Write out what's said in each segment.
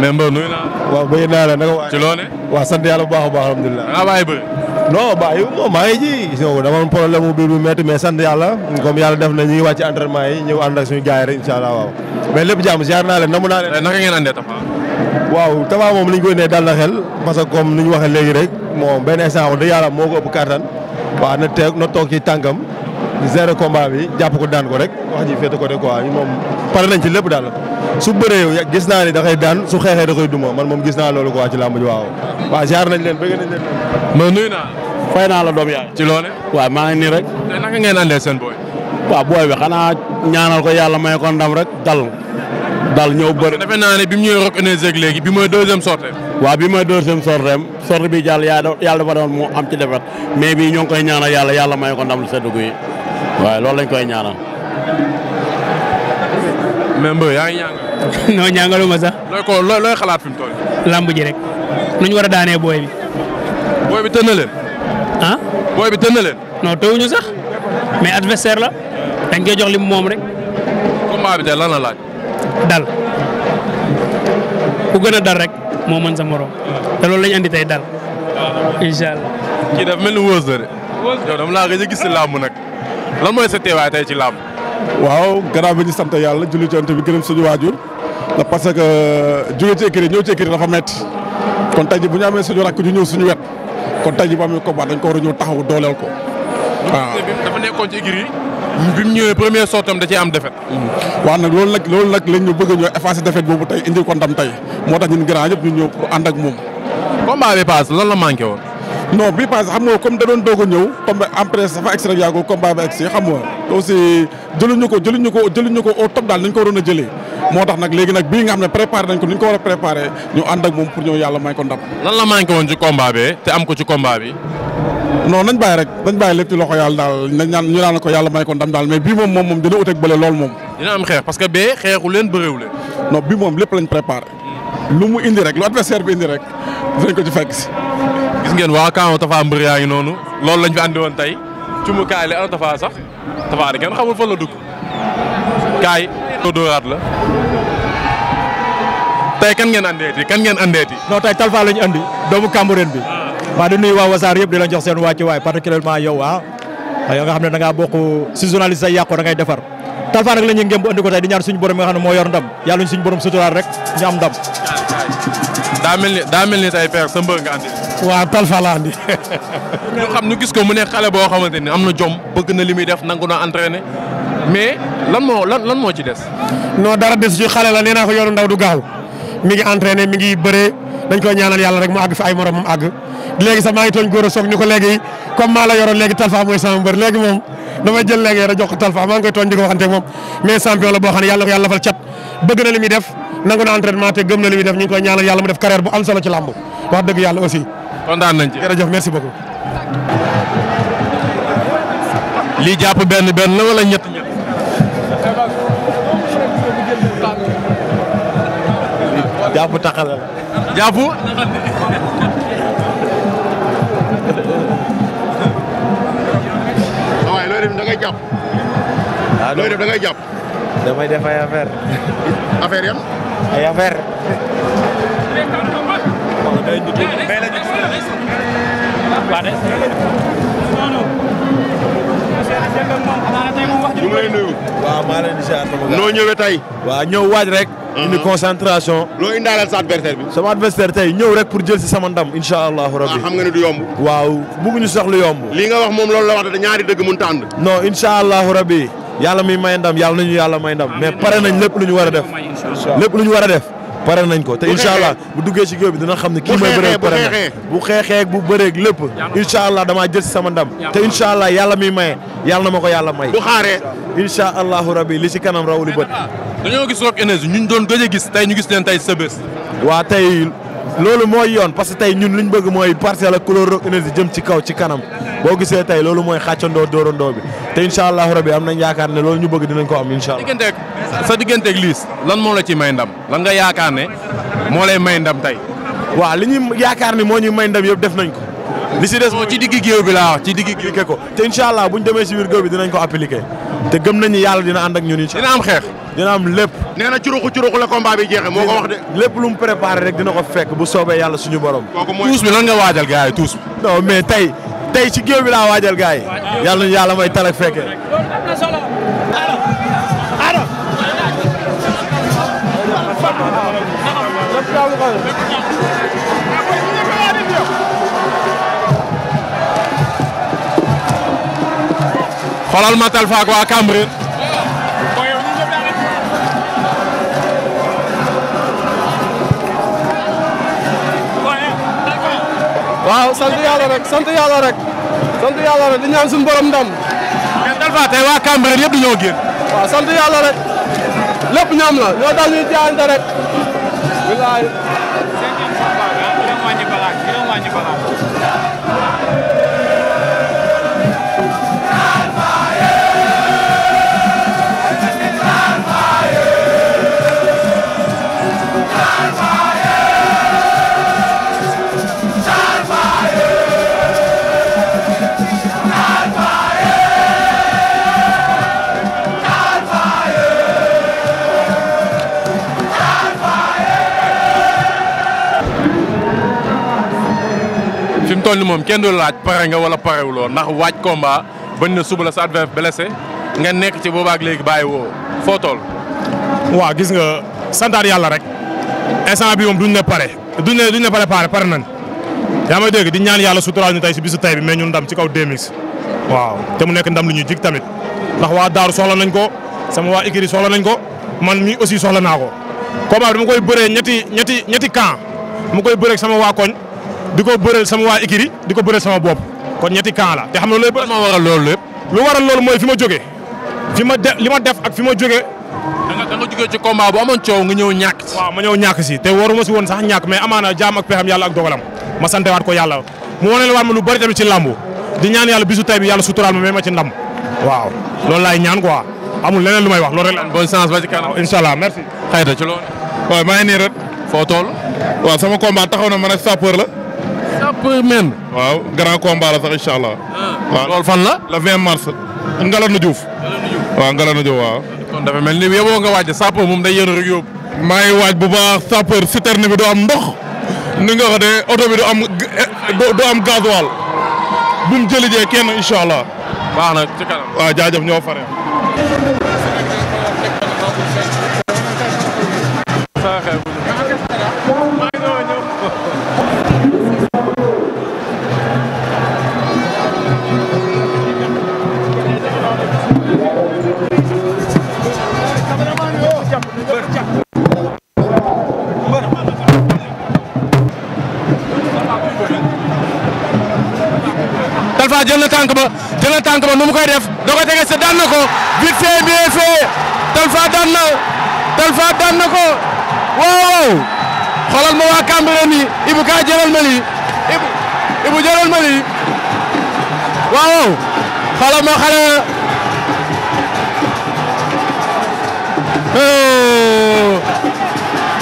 mais Mbër nuyu naa la. waaw bëgg naa la naka waay. ci loone waaw sant yàlla bu baax a baax alhamdulilah. da ngaa bàyyi bëri. non bàyyi moom maa ngi ji. yow dama am problème mu biir bu métti mais sant yàlla comme yàlla def na ñu ngi wàcc entraînement yi ñëw ànd ak suñu rek incha allah waaw. mais lépp jàmm ziar naa leen namu naa leen. Eh, naka ngeen andee Tapha. waaw Tapha moom li ñu koy nee dal na xel parce que comme ni ñu waxee léegi rek moom benn instant yàlla moo ko ëpp kattan na toog ci tànkam zéro ko daan su bëree gis naa ni da koy daan su xeexee da koy duma man moom gis naa loolu ko a ci làmb ji waaw. waaw jaar nañ leen bëgg nañ leen. mais nuyu naa. fay naa la doom yaay. ci loole waaw maa ngi nii rek. te naka ngeen andee seen booy. waaw booy bi xanaa ñaanal ko yàlla may ko rek dal dal ñëw bëri. defe naa ne bi mu ñëwee Rock Énergie léegi bi mooy deuxième sortie. waaw bi mooy deuxième sortie sortie bi jàll yàlla dafa doon mu am ci defet mais bii ño ngi koy ñaanal yàlla yàlla may ko ndam lu sedd yi waaye loolu lañ koy ñaanal mais Mbeu yaa ngi ñaangal. non ñaangaluma sax. looy ko lamb ji rek. nu ñu war a daanee booy bi. booy bi tën na leen. Ah? mais adversaire la dañ koy jox li moom rek. combat bi tey lan la laaj. dal ku gën a dal rek moo mën sa morom. te loolu lañ andi tey dal. incha allah. kii daf mel ni wóos la de. laa gis si làmb ci làmb. waaw gannaaw bi ñu sant yàlla julli jant bi gërëm suñu waajur la parce que euh, jóge ci écurie ñëw ci écurie dafa metti kon tey ji bu ñu amee suñu rakk ñu ñëw suñu wet kon tey ji bu amee combat dañ ko war a ñëw taxaw dooleel ko waaw. ci écurie bi mu ñëwee premier sottam da cee am defet mm-hmm. waaw nag loolu nag loolu nag lañ ñu bëgg ñoo effacer defet boobu tey indil ko ndam tey moo tax ñun grand ñëpp ñu ñëw pour ànd ak moom. combat bi paas lan la manqué woon. no bi passé xam nga comme da doon doog a ñëw comme en presse dafa egsi rek yàggul combat ba egsi xam nga aussi jëluñu ko jëluñu ko jëluñu ko au top daal nañ ko waroon a jëlee moo tax nag léegi nag bii nga xam ne préparé nañ ko ni ñu ko war a préparé ñu ànd ak moom pour ñëw yàlla may ko ndam. lan la manqué woon ci combat ko ci combat bi. yàlla daal nañ ñaan ñu naan may ko ndam daal mais bii moom moom moom dina ut ak bële lool moom. dina am xeex parce que bee xeexu leen bëreewu leen. non bii moom lépp lañ préparé. indi rek lu adversaire bi indi ngeen waa Kaaw Tafa mbër yaa noonu loolu lañ fi andi woon tey cumu kaay la ana Tafa sax Tafa da ngeen xamul fan la dugg kaay ko dóoraat la tey kan ngeen andeeti kan ngeen andeeti. non tey Talfa lañ andi doomu Cambérène bi. waaw ah. di nuyu waa Wassare yëpp di la jox seen wàccuwaay particulièrement yow ah. ah yow nga xam ne da ngaa bokk si journaliste say yàqoo da defar Talfa nag la ñuy ngëm andi ko tey di ñaan suñu borom nga xam ne moo ndam yàlla ñu suñu borom suturaal waa Talfa laa andi. ñu xam ñu gis ko mu nekk xale boo xamante ni am na jom bëgg na li muy def nangu na entraîné mais lan moo lan lan moo ci des. non dara des ci xale la nee naa ko yoonu ndaw du gaaw mi ngi entraîné mi ngi bëree dañ koy ñaanal yàlla rek mu àgg fi ay moromam àgg léegi sax maa ngi tooñ góor a ko léegi comme maa la yoroon léegi Talfa mooy sama mbër léegi moom damay jël léegi rek jox ko maa ngi koy tooñ di ko waxanteeg moom mais champion la boo xam ne yàlla na ko yàlla fal cat bëgg na li def nangu na entraînement te gëm na li muy def ñu ngi koy kontaan nañ ci jërëjëf merci beaucoup. jàpp benn benn la wala ñett ñett. jàpp taxal jàpp. waaw def da jàpp. waaw ah looy def da ngay ah damay def ay affaire. waa des. ñu ngi lay nuyu. waaw maa leen di noo ñëwee tey. waaw ñëw waaj rek. Uh-huh. indi concentration. loo indaalal sa adversaire bi. sama adversaire tey ñëw rek pour jël si sama ndam incha allahu rabbi. Ah, xam nga ni du yomb. waaw bëgguñu sax lu yomb. li nga wax moom loolu la wax te ñaari dëgg mënut a ànd. non incha allahu rabbi yàlla mi may ndam yàlla nañu yàlla may ndam mais pare nañ lépp lu ñu war a def. lépp lu ñu war a def. pare nañ ko te incha allah bu duggee ci géew bi dina xam ne kii mooy bëre pare na bu xeexee bu bëreeg lépp incha allah damaa jël sama ndam te incha allah yàlla mi maye yàlla na ma ko yàlla may bu xaaree incha allahu rabbi li ci kanam raw li bët dañoo gis Rock Énergie ñun doon gëj a gis tey ñu gis leen tey sa bés waa tey loolu mooy yoon parce que tey ñun liñ bëgg mooy parcelle ak couleur Rock jëm ci kaw ci kanam boo gisee tey loolu mooy xàccandoo dóorandoo bi te incha allahu rabi am nañ yaakaar ne loolu ñu bëgg dinañ ko am incha allah. sa digganteeg liis lan moo la ci may ndam lan nga yaakaar ne moo lay may ndam tey. waaw li ñuy yaakaar ni moo ñuy may ndam yëpp def nañ ko. li si des ci digg géew bi laa ci digg géew ko te incha bu ñu demee si wir géew bi dinañ ko appliqué te gëm nañu yàlla dina ànd ak ñun incha allah dina am xeex dina am lépp nee na curuxu curuxu la combat bi jeexee lépp lu mu préparé rek dina ko fekk bu soobee yàlla suñu borom tuus bi lan nga waajal gars yi tuus tey ci géew bi laa waajal gars yi yàlla ñu yàlla may tarak fekke xoolal Matal Faak waa Cambérène waaw sant yàlla rek sant yàlla rek sant yàlla rek di ñaan suñu borom ndam. mais Talfa tey waa Cambérène yëpp dañoo génn. waaw sant yàlla rek lépp ñoom la ñoo daal ñuy jaayante rek. bilaay. toll ni moom sa adversaire blessé nga nekk ci boobaak léegi bàyyi woo foo toll. waaw gis nga santaat yàlla rek instant bi moom duñ ne pare du ne duñ ne préparé pare nañ yaa may dégg di ñaan yàlla suturaal ñu tey si bisu tey bi mais ñun ndam ci kaw 2000. waaw te mu nekk ndam lu ñu jig tamit ndax waa daaru soxla nañ ko sama waa Ikiri soxla nañ ko man mi aussi soxla naa ko combat bi dama koy bëree ñetti ñetti ñetti mu koy bëree sama waa koñ. di ko bëreel sama waa ikiri di ko bëreel sama bopp kon ñetti camp la te xam nga loolu moo waral lu waral loolu mooy fi ma jógee ma li ma def ak fi ma jógee da nga jógee ci combat bu amoon coow nga ñëw ñàkk si waaw ma ñëw si te woon sax ñàkk mais amaana jaam ak pexam yàlla ak dogalam ma santewaat ko yàlla mu wane la waat ma lu bëri tamit ci làmbu di ñaan yàlla bisu tay bi yàlla suturaal ma may ma ci ndam waaw loolu laay ñaan quoi amul leneen lu may wax loolu rek la bonne chance ba ci kanam inshallah merci xayta ci loolu waaw maa ngi nii la lépp men waaw grand combat la sax incha allah. Ah. waaw loolu fan la. le 20 mars. Ngalanu Diouf. Ngalanu Diouf waaw Ngalanu Diouf waaw. kon dafa mel ni yeboo nga waaj sapeur moom day yéen rek yóbbu. maa ngi waaj bu baax sapeur citerne bi du am ndox. ni nga ko de oto bi du am eh, du am gasoil. bu mu jëlijee kenn incha allah. baax na ci kanam waaw jaajëf ñoo fare. tànk ba ba nu mu ko vite fait bien fait Talfa daan na Talfa daan na ko waaw waaw xoolal ma waa Cambérène yi Ibou Ka jëlal ma lii Ibou waaw waaw xoolal ma xale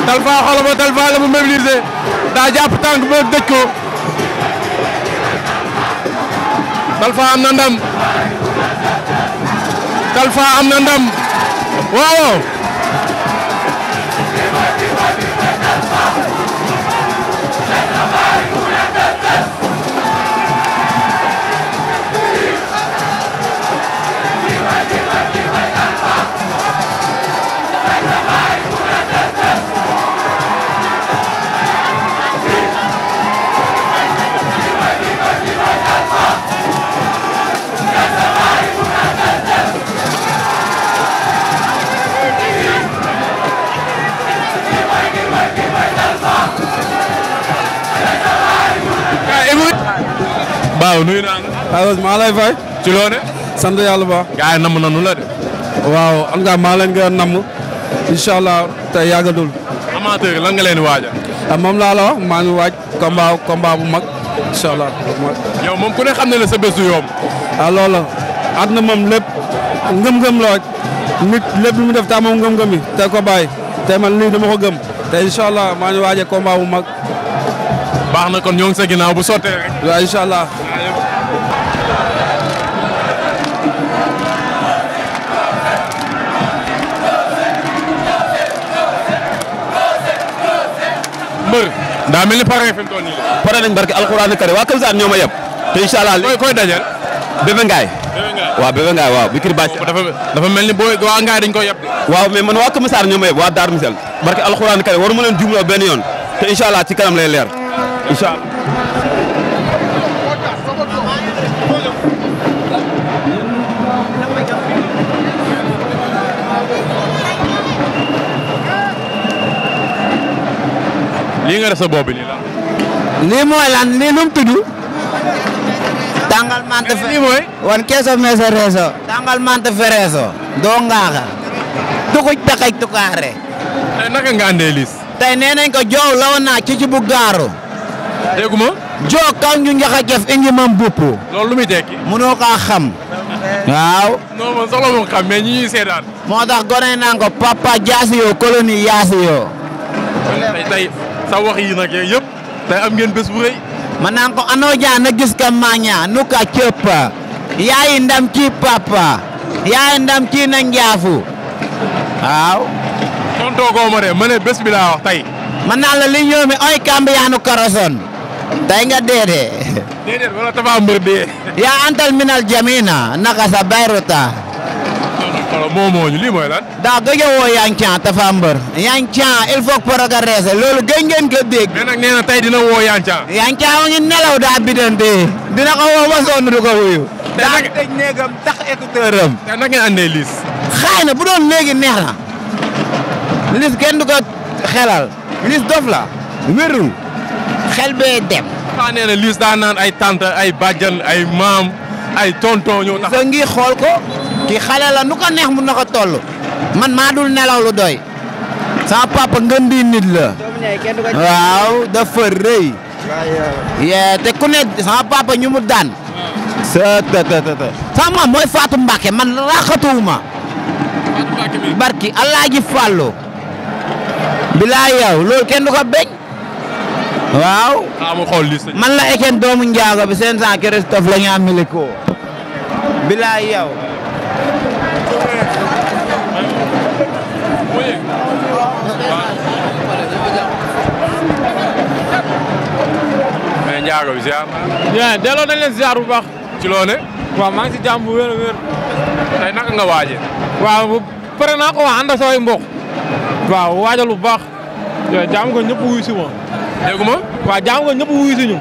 Talfa xoolal ma Talfa la mu mobiliser daa jàpp tànk ba dëj ko. Talfa am na ndam Talfa am na ndam waaw. Ndao nuyu naa la. allo maa lay fay. ci loone sant yàlla bu baax. gars yi namm la de. waaw am nga maa leen gën a namm. incha allah tey yàggadul. waaja ah moom laa la wax maa ngi waaj combat combat bu mag incha allah. yow moom ku ne xam na sa bés du yomb. ah loolu moom lépp ngëm-ngëm la nit lépp lu mu def taa moom ngëm-ngëm tey ko tey man lii dama ko gëm tey incha allah maa ngi bu mag. baax na kon ñoo ngi sa bu sottee rek. waaw daa mel ni pare fi mu toll nii pare kare waa Kër Saalum ñoo ma yeb. te incha allah koy koy dajal. Bébé Ngaay. Bébé Ngaay waaw Bébé Ngaay waaw bi kir dafa mel ni booy waa Ngaay dañ koy yeb. waaw mais man waa Kër Massar ñoo ma yeb waa Darou Missel. barke alxuraan kare waruma leen jumloo benn yoon. te incha allah ci kanam lay leer incha lii nga def sa bopp lii mooy lan lii nu wan keeso meeso reeso. tàngal mante doo ngaaxa. tukuj dakay tukaare. tey eh, naka nga andee nañ ko joow law naa ci bu gaaru. joo kaw ñu njax a jëf indi mam bupp. lu muy tekki. kaa xam. waaw. non man soxla moom xam mais moo tax gone ko papa jaasi yoo colonie yaasi yoo. sa wax yi nag yëpp tey am ngeen bés bu rëy. maanaam ko anooja na gis ka maña nu ka coppa yaay ndam ci papa yaay ndam ci na njaafu waaw tontoo ko ma ma ne bés bi wax tey man naa la li oy kamb yaanu koroson tey nga deede deede wala tafa mbër dee yaa antal minal jamina naka sa bayruta waaw moo moo ñu lii mooy lan. daa gëj a woo Yang Thiam Tapha Mbeur. Yang Thiam il faut progresser loolu gëj ngeen ko dégg. mais nag nee na tey dina woo Yang Thiam. Yang Thiam a ngi nelaw daa bidante dina ko woo ba sonn du wuyu. daa tëj néegam tax écouteur am. te nag andee liis. xaay na bu doon léegi neex liis kenn xelal. liis dof la. wérul. xel bee dem. xanaa nee na liis daa naan ay tante ay bàjjan ay maam ay tonton ñoo tax. xool ko. ki xale la nu ko neex mun na ko toll man maa dul nelaw lu doy sama papa ngën di la waaw dafa rëy yee te ku ne sama papa ñu mu daan sa ta ta ta sama mooy Fatou Mbacke man raxatuwuma barki Alaaji Fàllu bilaay yow loolu kenn du ko beñ waaw man la eken doomu njaago bi seen san Christophe la ñu am milikoo bilaay yow mais Ndiago bi ziar. bien delloo nañ leen ziar bu baax. ci loone waaw maa ngi si jàmm bu wér a wér. naka nga waaje waaw bu pare naa ko waa ànd ak samay mbokk. waaw waajal bu baax. yow jàmm nga ñëpp wuyu si ma. déggu ma. waaw jàmm nga ñëpp wuyu si ñu.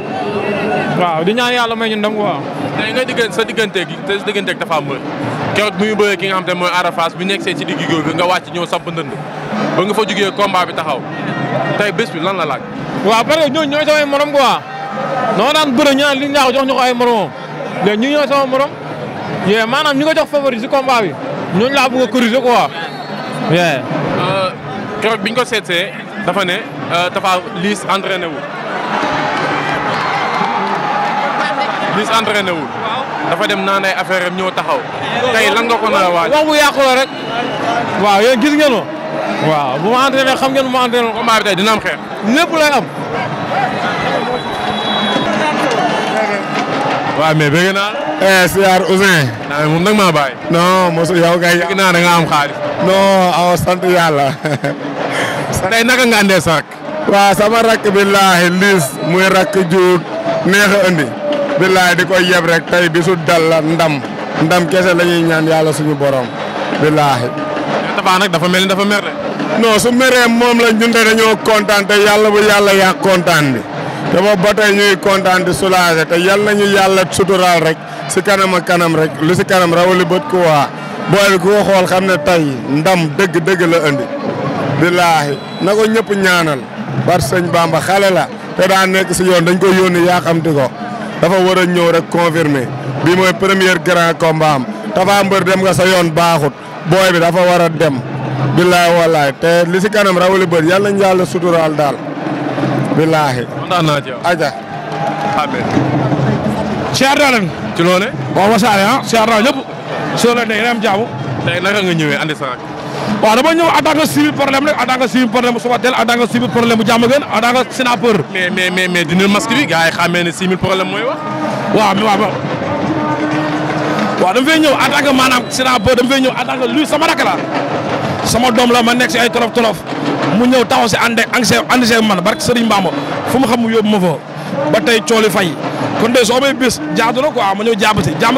waaw di ñaan yàlla may ñun ndam waaw. tey nga diggante sa digganteeg sa digganteeg dafa am mbër keroog bu ñu bëree ki nga xam te mooy Ada bi nekk see ci digg góor ga nga wàcc ñëw samp ndënd ba nga fa jugee combat bi taxaw tey bés bi lan la laaj. waaw parce que ñooñu ñooy samay morom quoi noo daan bëre ñu naan li ñu jox ñu ko ay moromam léegi ñu ñooy sama morom yee maanaam ñu ko jox favori si combat bi ñooñu laa bëgg ko corriger quoi. Euh, keroog bi ñu ko seetsee dafa ne dafa euh, liis entraîné wu. mis dafa dem naan ay affaire am ñëw taxaw. tey lan nga ko nar a wax bu yàqu rek. waaw yéen gis ngeen waaw bu ma entraîné xam ngeen bu ma entraîné. combat bi tey dina eh, kay. bëgg naa am xaalis. non aw sant yàlla. sant tey nga andee sa rak. sama rak billaahi liis muy rak juut neex a billaay di ko yeb rek tey bisu dal la ndam ndam kese lañuy ñaan yàlla suñu borom billaay. nag dafa mel ni dafa mer rek. non su meree moom la ñun de dañoo kontaan te yàlla bu yàlla yaa kontaan bi te boobu ba tey ñuy kontaan di soulagé te yàlla nañu yàlla suturaal rek si kanam kanam rek lu si kanam raw bët ku waa booy ku ko xool xam ne tey ndam dëgg dëgg la andi. billaahi na ko ñëpp ñaanal bar sëñ Bamba xale la te daa nekk si yoon dañ ko yónni yaa dafa war a ñëw rek confirmer bi mooy premier grand combat am Tapha Mbeur dem nga sa yoon baaxut booy bi dafa war a dem. billaay wallaay te li si kanam rawali bër yàlla nañu yàlla suturaal daal. billaahi. kontaan naa aja. amiin. siyaar naa leen. ci loole. waaw wasaare ah siyaar naa ñëpp. soo leen dee yéen a am jaamu. tey naka waaw dama ñëw en tant que civil problème rek en tant que civil bu Sobatel en tant que civil problème bu Diamaguène en tant que Sénapeur. mais dina masque bi gars yi xamee ne civil problème mooy wax. waaw mais waaw waaw dama fay ñëw en tant que maanaam Sénapeur dama fay ñëw en tant sama rak la sama doom la ma nekk si ay tolof tolof mu ñëw taxaw si ànd ak ànd see man barke Serigne Bamba fu mu xam mu yóbbu ma fa ba tey cooli fay kon de soo may bés jaadu la quoi ma ñëw jàpp si jàmm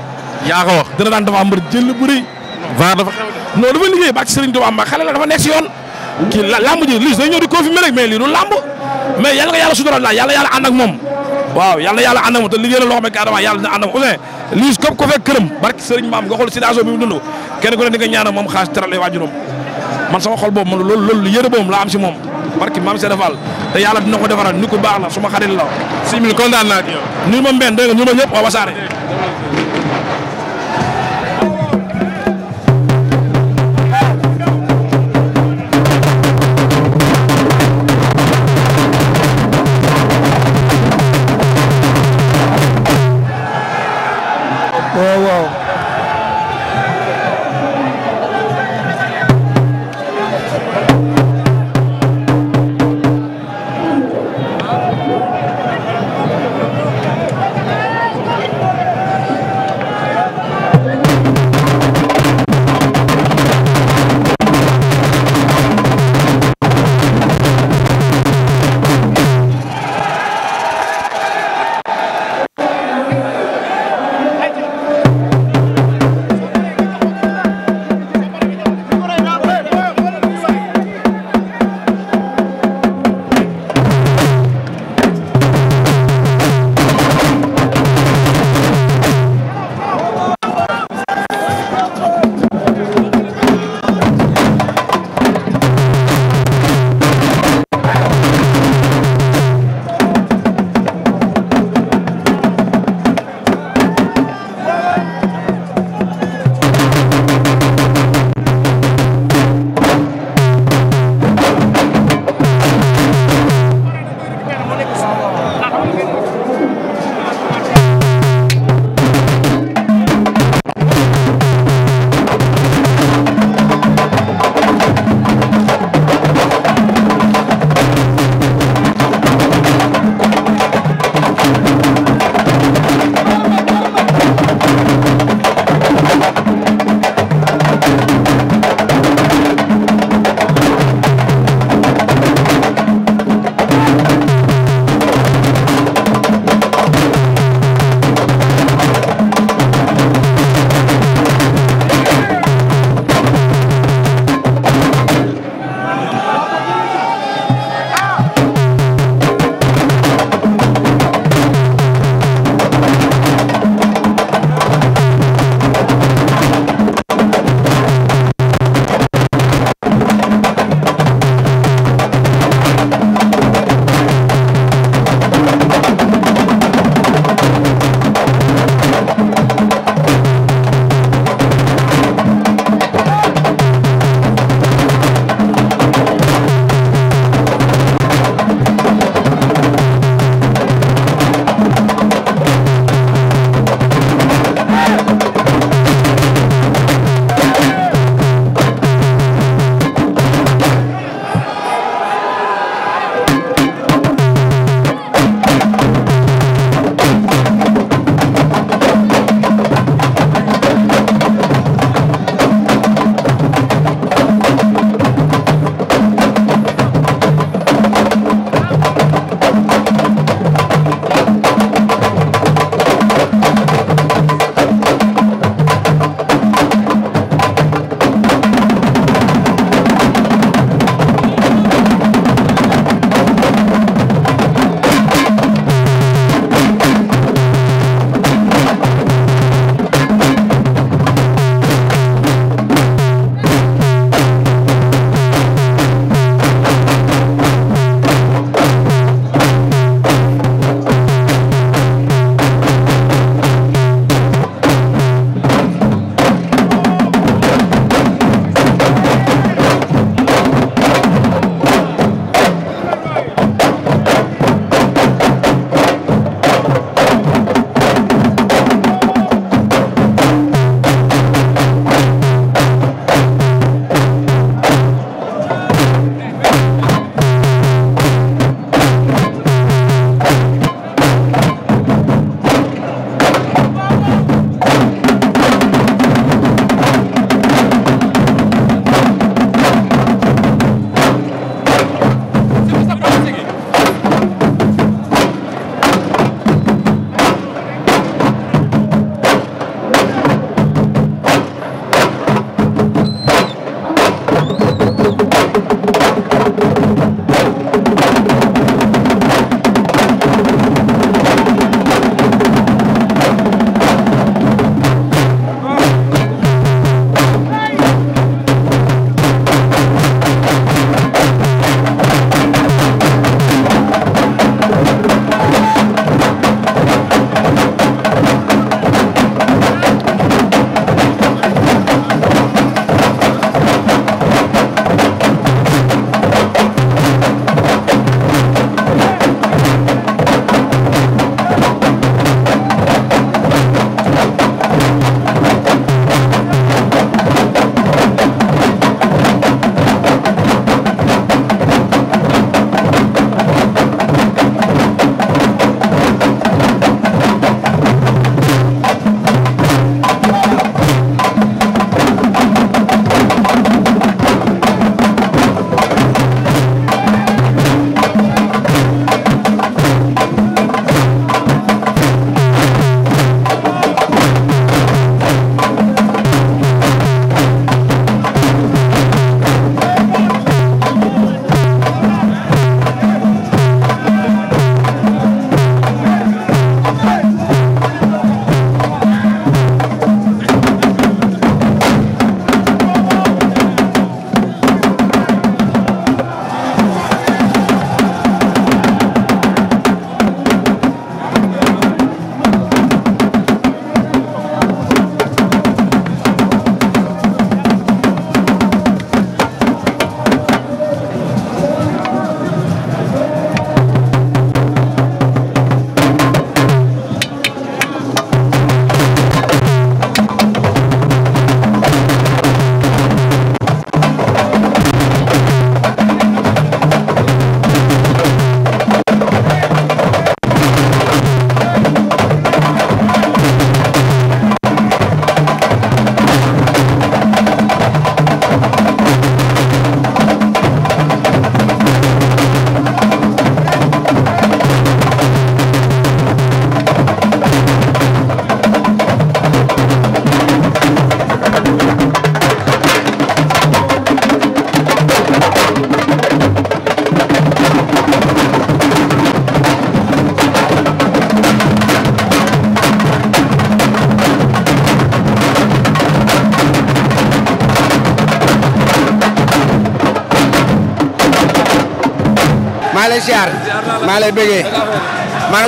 yaa ko wax dina daan dafa mbër jël bu rëy. vaar dafa xew de. non dafa liggéey ba la dafa nekk si yoon. kii la lamb ji di confirmer rek mais lii du lamb mais yàlla nga yàlla suturaal la yàlla yàlla moom. waaw yàlla yàlla ànd ak moom te liggéey la loo xam ne carrément yàlla moom Ousseyn lii képp ko fekk këram barki Serigne maam nga xool situation bi mu dund kenn ku ne di nga moom xaas teral ay man sama xol boobu man loolu loolu yëre boobu si moom barki ko defaral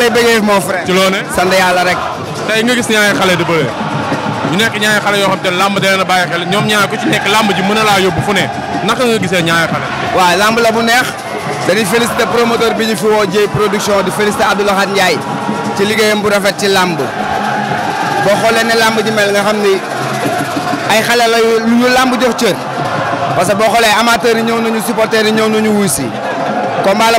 lay bëggee mon frère. ci loone sant yàlla rek. tey nga gis ñaari xale di bëre ñu nekk ñaari xale yoo xam te làmb da leen a bàyyi xel ñoom ñaar ku ci nekk làmb ji mën a laa yóbbu fu ne naka nga gisee ñaari xale. waaw làmb la bu neex. dañuy félicité promoteur bi ñu fi woo Dieye production di félicité Abdoulaye Ndiaye ci liggéeyam bu rafet ci làmb boo xoolee ne làmb ji mel nga xam ni ay xale la yu làmb jox cër parce que boo xoolee amateurs yi ñëw nañu supporters yi ñëw nañu wuy si combat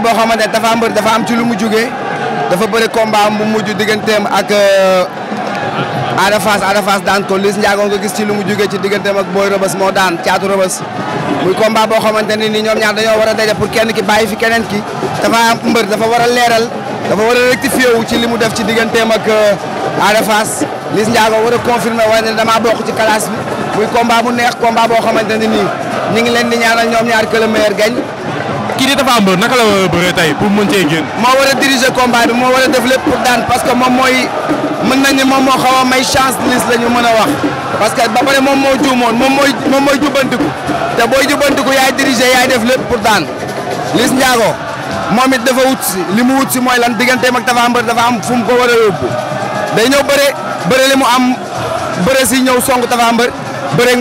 dafa bëri combat mu bu mujj digganteem ak euh, Ada Fass Ada Fass daan ko Liss Ndiago nga gis ci lu mu jugee ci digganteem ak Boy Rëbës moo daan caatu Rëbës muy combat boo xamante ni ñoom ñaar dañoo war a daje pour kenn ki bàyyi fi keneen ki dafa am mbër dafa war a leeral dafa war a rectifié ci li mu def ci digganteem ak euh, Ada Fass Liss Ndiago war a confirmé wala ne damaa bokk ci bi muy combat bu neex combat boo xamante ne nii ñu ngi leen di ñaanal ñoom ñaar que le kii di Tapha Mbeur naka la bëree tey pour mën cee génn. moo war a diriger combat bi moo war a def lépp pour daan parce que moom mooy mën nañu moom moo xaw may chance liste la ñu mën a wax parce que ba pare moom moo juumoon moom mooy moom mooy jubbantiku te booy jubbantiku yaay diriger yaay def lépp pour daan Liss Ndiago moom it dafa wut si li mu wut si mooy lan digganteem ak Tapha Mbeur dafa am fu mu ko war a yóbbu day ñëw bëre bëre li mu am bëre si ñëw song Tapha Mbeur bëre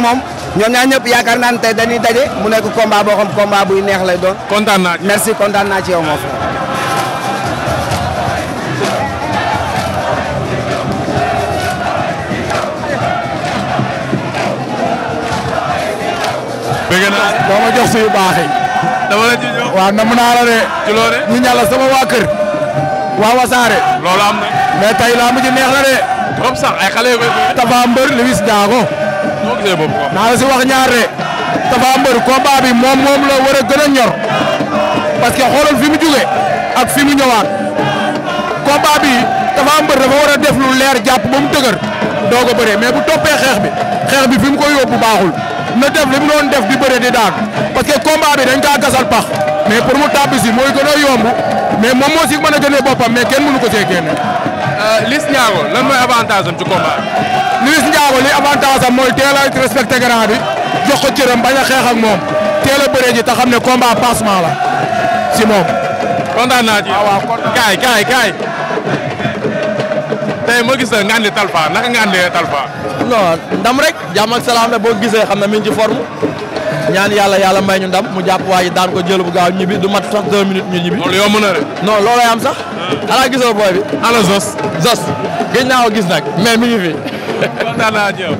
ñoom ñaar ñëpp yaakaar naa ne dañuy daje mu nekk combat boo xam combat buy neex lay doon. kontaan naa ci merci kontaan naa ci fa. bëgg ma jox suyu baax yi. dama la ci jox waaw la sama waa kër. waa wasaare. loolu am na. mais tey laa neex la de. trop sax ay xale yu koy. Tapha Mbeur Liss Ndiago. gisee boobu quoi. naa la si wax ñaar de Tapha Mbeur combat bi moom moom la war a gën a ñor parce que xoolal fi mu jugee ak fi mu ñëwaat combat bi Tapha Mbeur dafa war a def lu leer jàpp ba mu dëgër doog a bëree mais bu toppee xeex bi xeex bi fi mu ko yóbbu baaxul na def li mu doon def di bëre di daan parce que combat bi dañ kaa gasal pax mais pour mu tàbbi mooy gën a yomb mais moom moo si mën a gënee boppam mais kenn mënu ko see génne. Euh, Liss Ndiago lan mooy avantage am ci combat bi. Liss li avantage am mooy teel a respecté grand bi jox ko cëram bañ a xeex ak moom teel a bëree ji te xam ne combat passement la si moom. kontaan naa ci ah, waaw waaw tey moo gis nga andi Talfa naka nga andee Talfa. non ndam rek jàmm ak salaam la boo gisee xam ne mi ngi ci ñaan yàlla yàlla may ñu ndam mu jàpp waaye daan ko jël bu ñibbi du mat sax deux minutes ñu ñibbi. loolu yomb na rek. non looloo am sax. ala ah. Zoss gëj naa ko gis nag mais mi ngi fi. kontaan naa ak yow.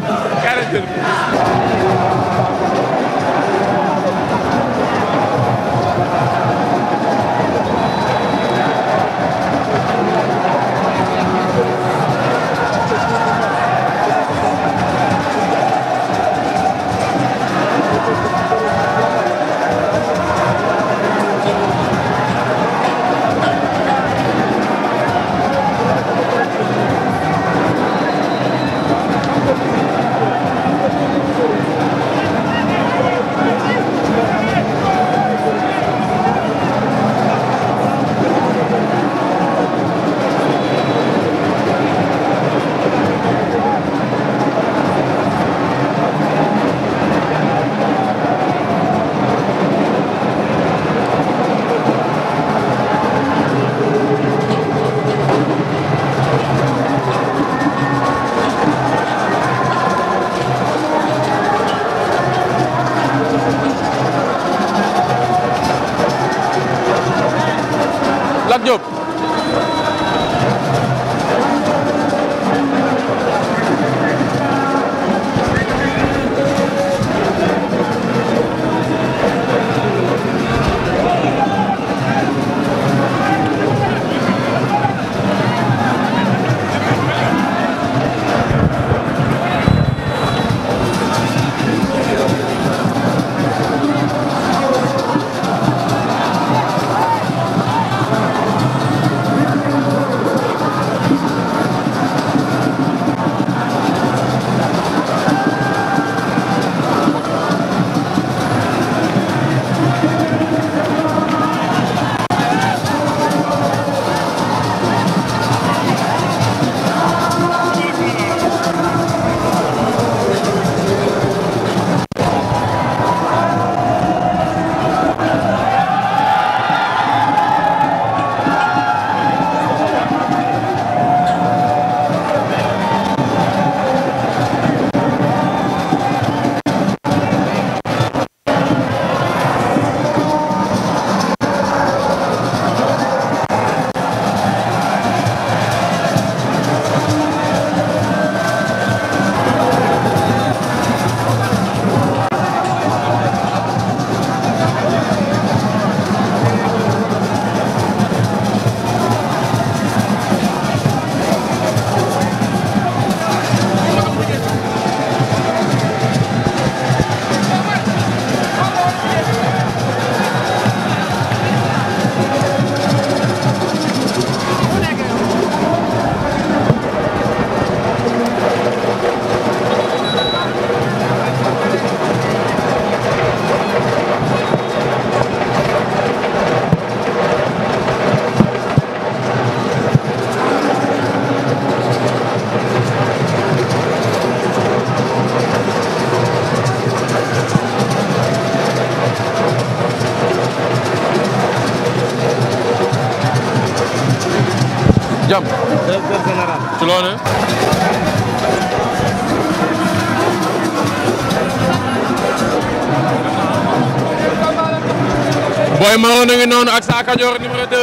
Boy Maroon a ngi noonu ak Sa Cadior numéro 2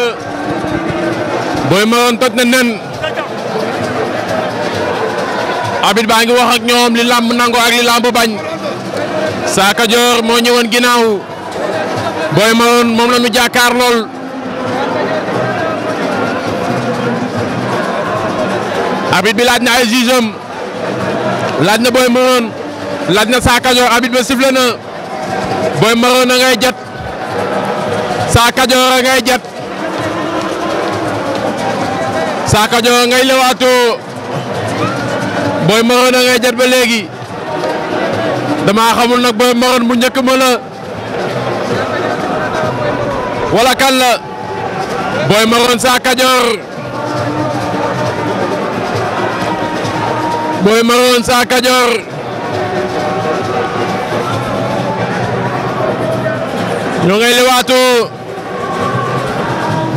Boy Maroon toj na nen abit baa ngi wax ak li làmb nango ak li làmb bañ Sa Cadior moo ñëwoon ginnaaw Boy Maroon moom la ñu lool abit bi laaj na ay jugeem laaj na Boy Maroon laaj na Sa Cadior abit ba sifflé na Boy Maroon a ngay saa kajoor a ngay jat saa kajoor a ngay lewaatoo booy maroon a ngay jat ba léegi dama xamul nag booy maroon bu njëkk ma la wala kan la maroon saa kajoor booy maroon saa kajoor ñoo ngay lewaatoo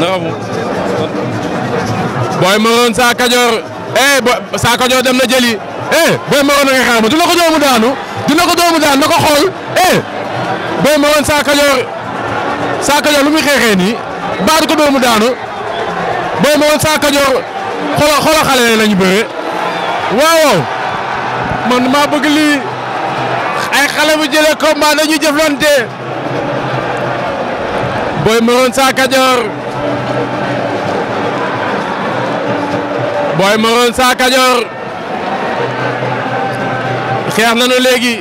naramu. Boy Maroon Sa Kajoor eh bo Sa Kajoor dem na jëli eh Boy Maroon na nga xaar ma ko doomu daanu dina ko doomu daanu na ko xool eh Boy Maroon Sa Kajoor Sa Kajoor lu muy xeexee nii baatu ko doomu daanu Boy Maroon Sa Kajoor xoolal xoolal xale yi lañu bëree waaw bëgg lii ay xale bu jëlee combat dañuy jëflante Boy Maroon Sa Kajoor. Boy Maron Sa Kajoor xeex nañu léegi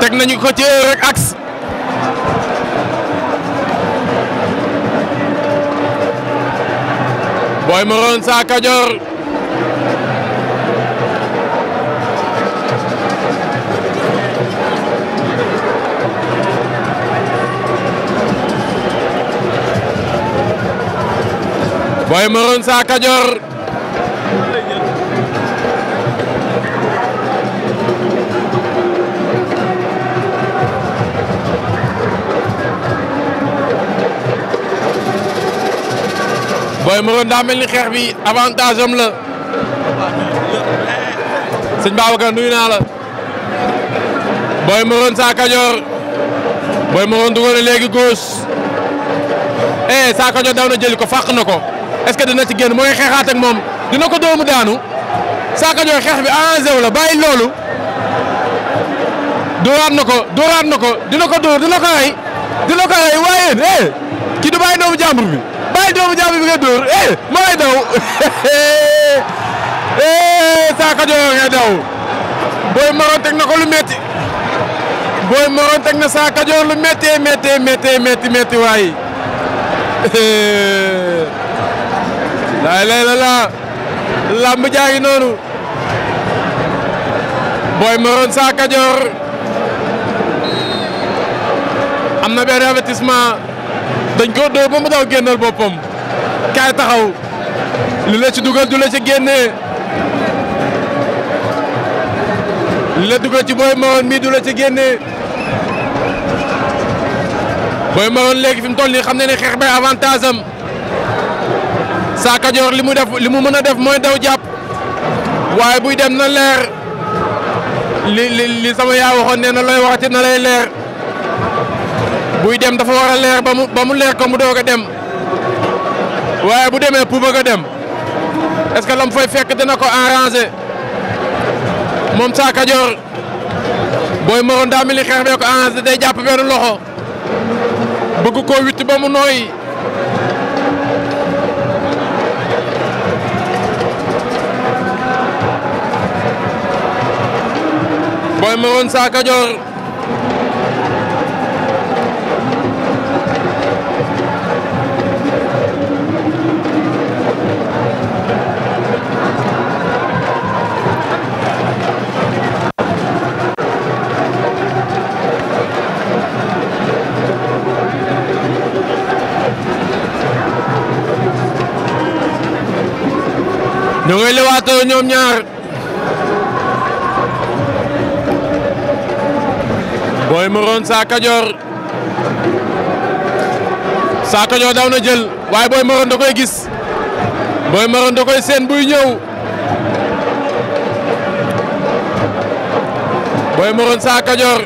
teg nañu ko ci rek axe Boy Maron Sa Boy Maron daa mel ni xeex bi avantage am la sëñ Babacar nuyu naa la Boy Maron Sa Kajoor Boy Maron léegi gauche eh Sa daw na jëli ko fàq na ko est que dina ci génn mooy xeexaat ak moom dina ko doomu daanu Sa Kajoor xeex bi enjeu la bàyyi loolu dóoraat na ko dóoraat na ko dina ko dóor dina ko rey dina ko rey waaye eh, du bàyyi doomu jàmbur bi bàyyi doomu bi nga eh, ma daw eh Sa Cadior ngay daw Boy Maron teg na ko lu metti Boy Maron teg na Sa Cadior lu méttee méttee méttee métti métti waay lay la la làmb jaa ngi noonu Boy Maron Sa am na benn avertissement dañ ko dóor ba mu génnal boppam kaay taxaw lu la ci dugal du la ci génnee lu la dugal ci booy mawoon mii du la ci génnee booy mawoon léegi fi mu toll nii xam na ne xeex bay avantage am Sa li mu def li mu mën a def mooy daw jàpp waaye buy dem na leer li li li sama yaa waxoon nee na looy waxati na lay leer buy dem dafa war a leer ba mu ba mu leer ko mu doog a dem. waaye bu demee pour bëgg a dem est que lam fay fekk dina ko arrangé moom Sa Cadior booy moroon daa xeex bee ko arrangé day jàpp benn loxo bëgg koo witti ba mu nooyi booy moroon Sa Cadior ñoo ngay lewaatoo ñoom ñaar Boy Maron Sa Cadior Sa na jël waaye Boy Maron da koy gis Boy Maron da koy seen buy ñëw Boy Maron Sa Cadior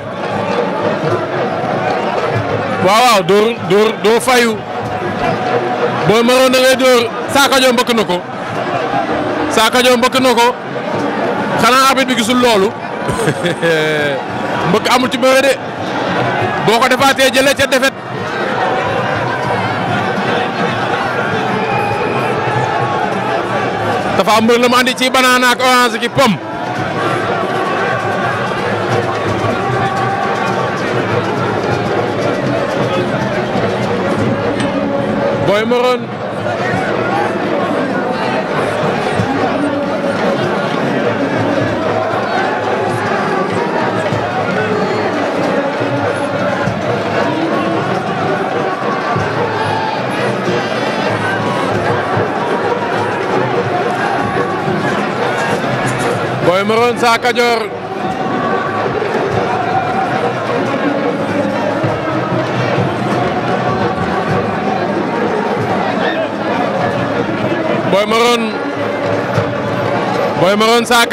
waaw waaw dóor dóor doo fayu Boy Maron da dóor Sa Cadior na ko Sakho Diop mbëkk na ko xanaa arbitre bi gisul loolu mbëkk amul ci bëre de boo ko defaatee jëlee ca defet dafa mbër la mu andi ci banana orange ki pom Boy Maron Boy Maron Sa Cadior Boy Maron Boy Maron Sa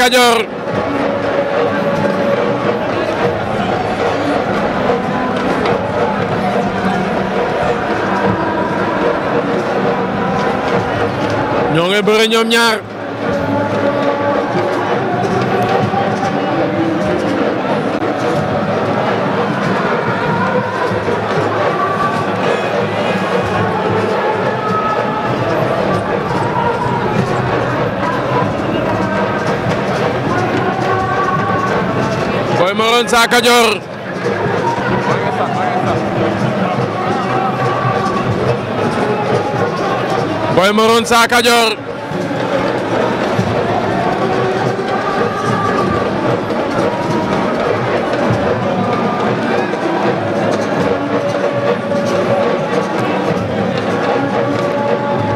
ñoo ngi bëre ñoom ñaar woon saa Kajoor Boy Maroon saa Kajoor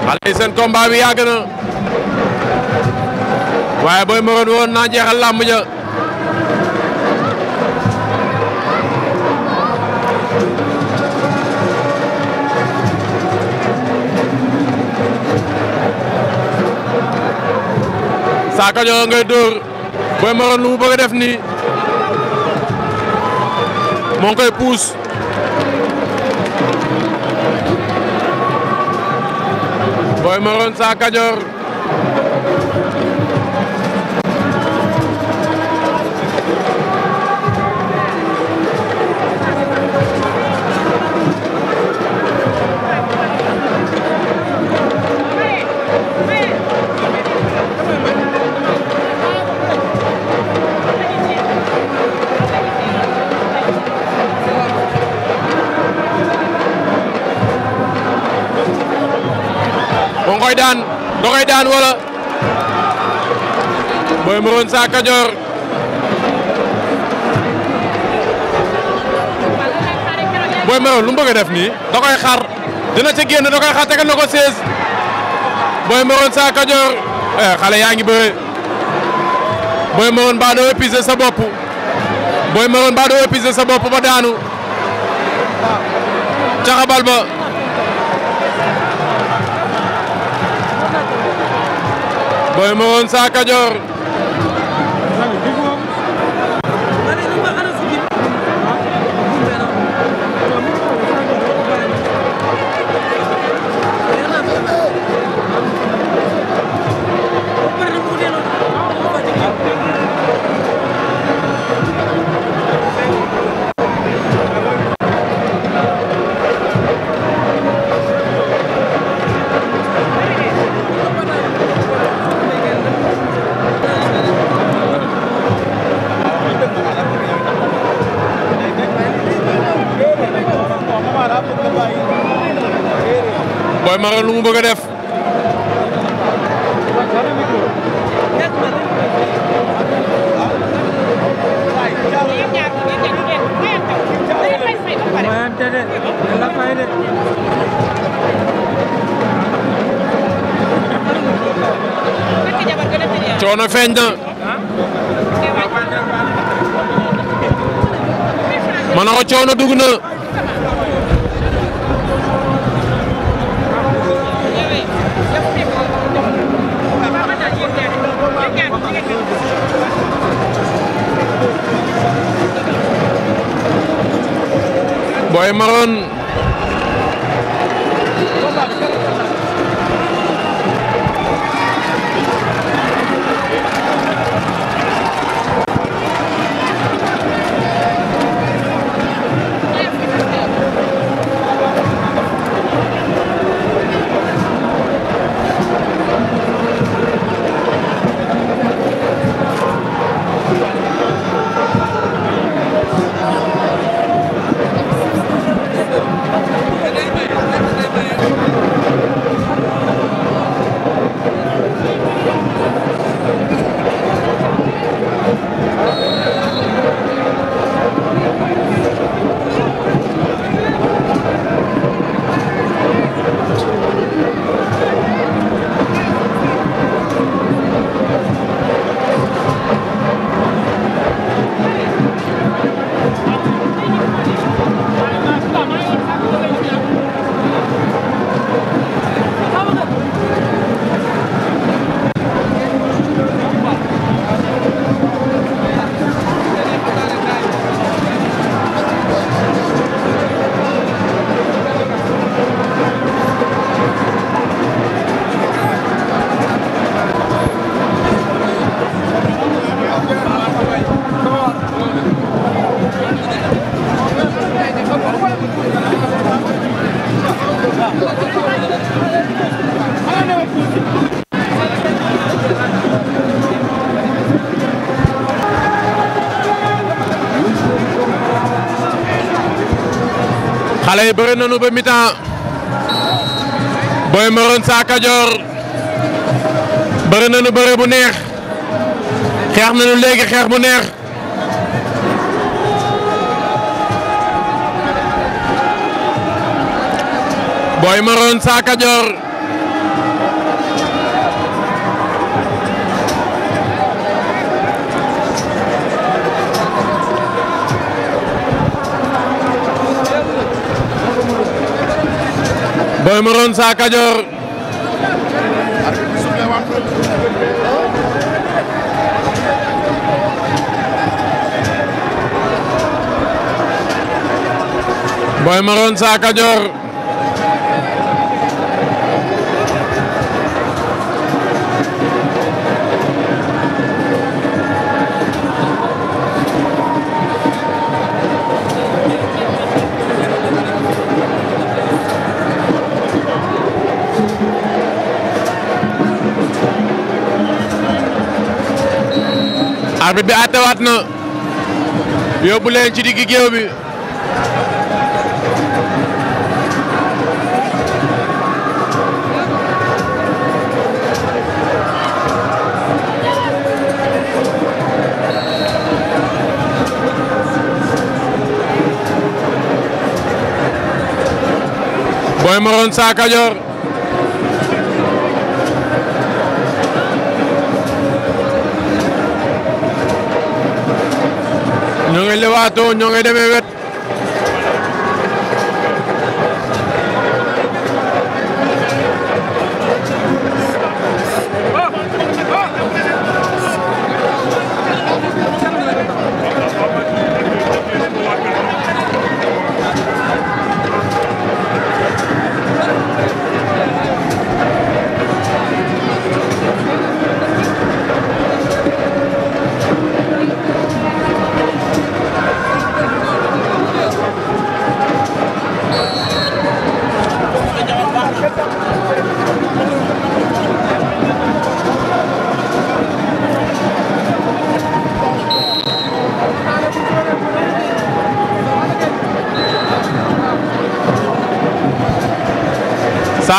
xale yi seen combat bi yàgg na waaye Boy Maroon woon naa jeexal làmb ja Saaka Joro ngay dóor Boy Maroon lu def ni moo ngi koy puus Boy Maroon Saaka moo koy daan da koy daan wala Boy Maron sa Kajoor Boy Maron lu mu a def nii da koy dina ca génn da koy xaar tegal na ko 16 Boy Maron sa Kajoor eh, xale yaa ngi bëre Boy Maron ba doo épuisé sa ba doo épuisé sa bopp Boy Maone Sa Cadior Camara lu mu bëgg a coono feeñ na ma ne ko coono dugg na Boy Maroon xale yi bëri nañu ba mi-temps Boy Maron Sa Cadior bëri nañu bëri bu neex xeex nañu léegi xeex bu neex Boy Maron Sa Cadior Boy Maroon Sa Cadior Boy Maroon Sa Cadior arbitre bi àttewaat na yóbbu leen ci diggi géew bi Boy Maron Sa Cadior ñoo ngi lewaatoo ñoo ngi demee wet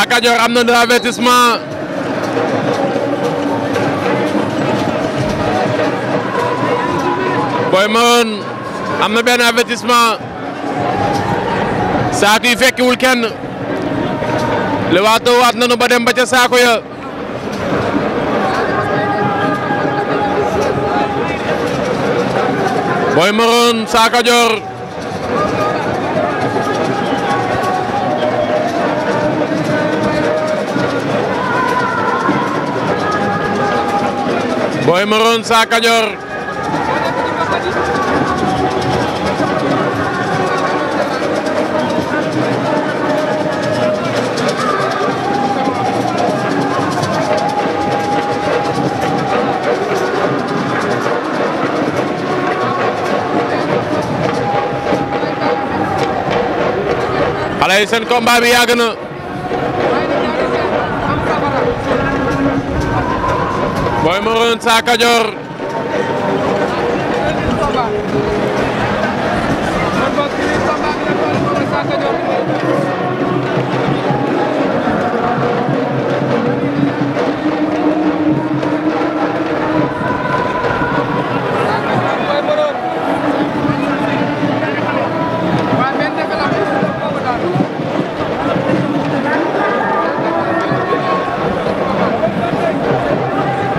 waa Kajoor am na avertissement Boy Maroon am na benn avertissement saako yi fekkiwul kenn lewaatoo waat nanu ba dem ba ca saako ya Boy Maroon saa Kajoor Boy Maroon Sa Cadior xale seen combat bi yàgg Boy Maroon sa Kajoor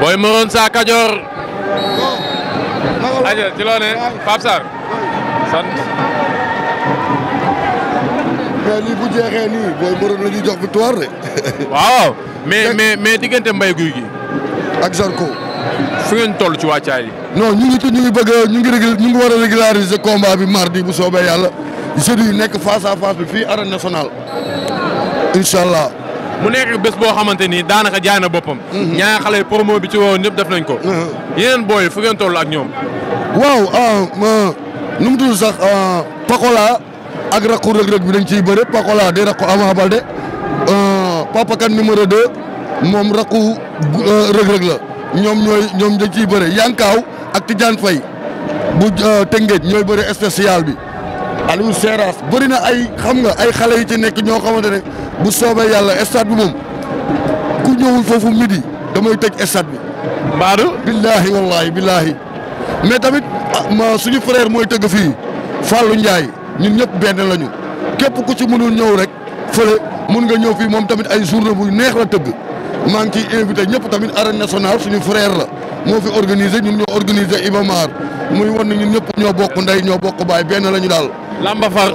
Boy Maron saa Kajoor. aja ci loo ne Pape lii bu jeexee nii Boy Maron la ñuy jox victoire de. waaw mais mais mais diggante mbay guy gi. ak Zarko. fu ngeen toll ci wàccaay yi. non ñu ngi ci ñu ngi bëgg ñu ngi régul ñu ngi bi mardi bu soobee yàlla jeudi nekk face à face bi fii arène nationale incha allah. mu nekk bés boo xamante ni daanaka jaay na boppam. Mhm. ñaari xale promo bi ci woon ñëpp def nañ ko. Mhm. yeneen booy fu ngeen toll ak ñoom. waaw ah, nu mu tudd sax ah, Pakola ak rakku Reug Reug bi dañ ciy bëre Pakola di rakku Ama Baldé ah, Papa Kan numéro moom rakku Reug Reug la ñoom ñooy ñoom dañ ciy bëre Yankaaw ak Tidiane Faye bu Tëngéej ñooy bëre spécial bi Aliou Seras bëri na ay xam nga ay xale yi ci nekk ñoo xamante ne. bu soobee yàlla stade bi moom ku ñëwul foofu midi damay tëj stade bi. Mbaadu. billaahi wallaahi billaahi mais tamit ah, ma suñu frère mooy tëgg fii Fallou Ndiaye ñun ñëpp benn lañu képp ku ci mënul ñëw rek fële mun nga ñëw fii moom tamit ay journée bu neex la tëgg maa ngi ciy invité ñëpp tamit arène nationale suñu frère la moo fi organisé ñun ñoo organisé Iba Mar muy wan ñun ñëpp ñoo bokk ndey ñoo bokk baay benn lañu daal. Lamba far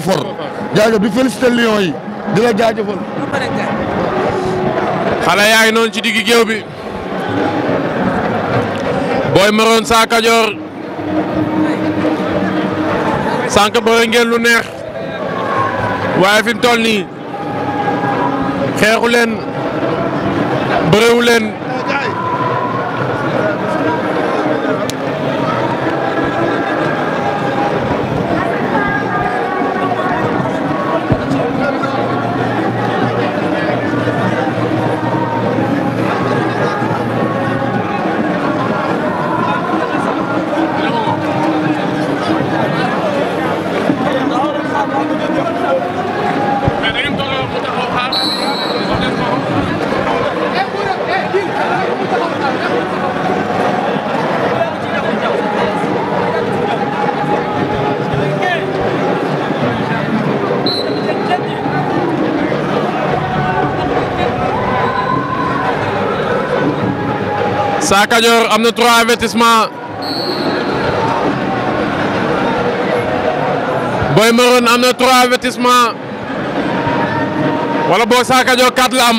for. jaajëf di félicité Lions yi. di la jaajëfal. xale yaa ngi noonu ci diggi géew bi booy Maroon Sa Cadior sànq bëre lu neex waaye fi mu toll nii xeexu leen bërewu leen. Sa Kajoor am na trois avertissement Boy Marone am na trois avertissement wala boog Sa Kajoor quatre la am.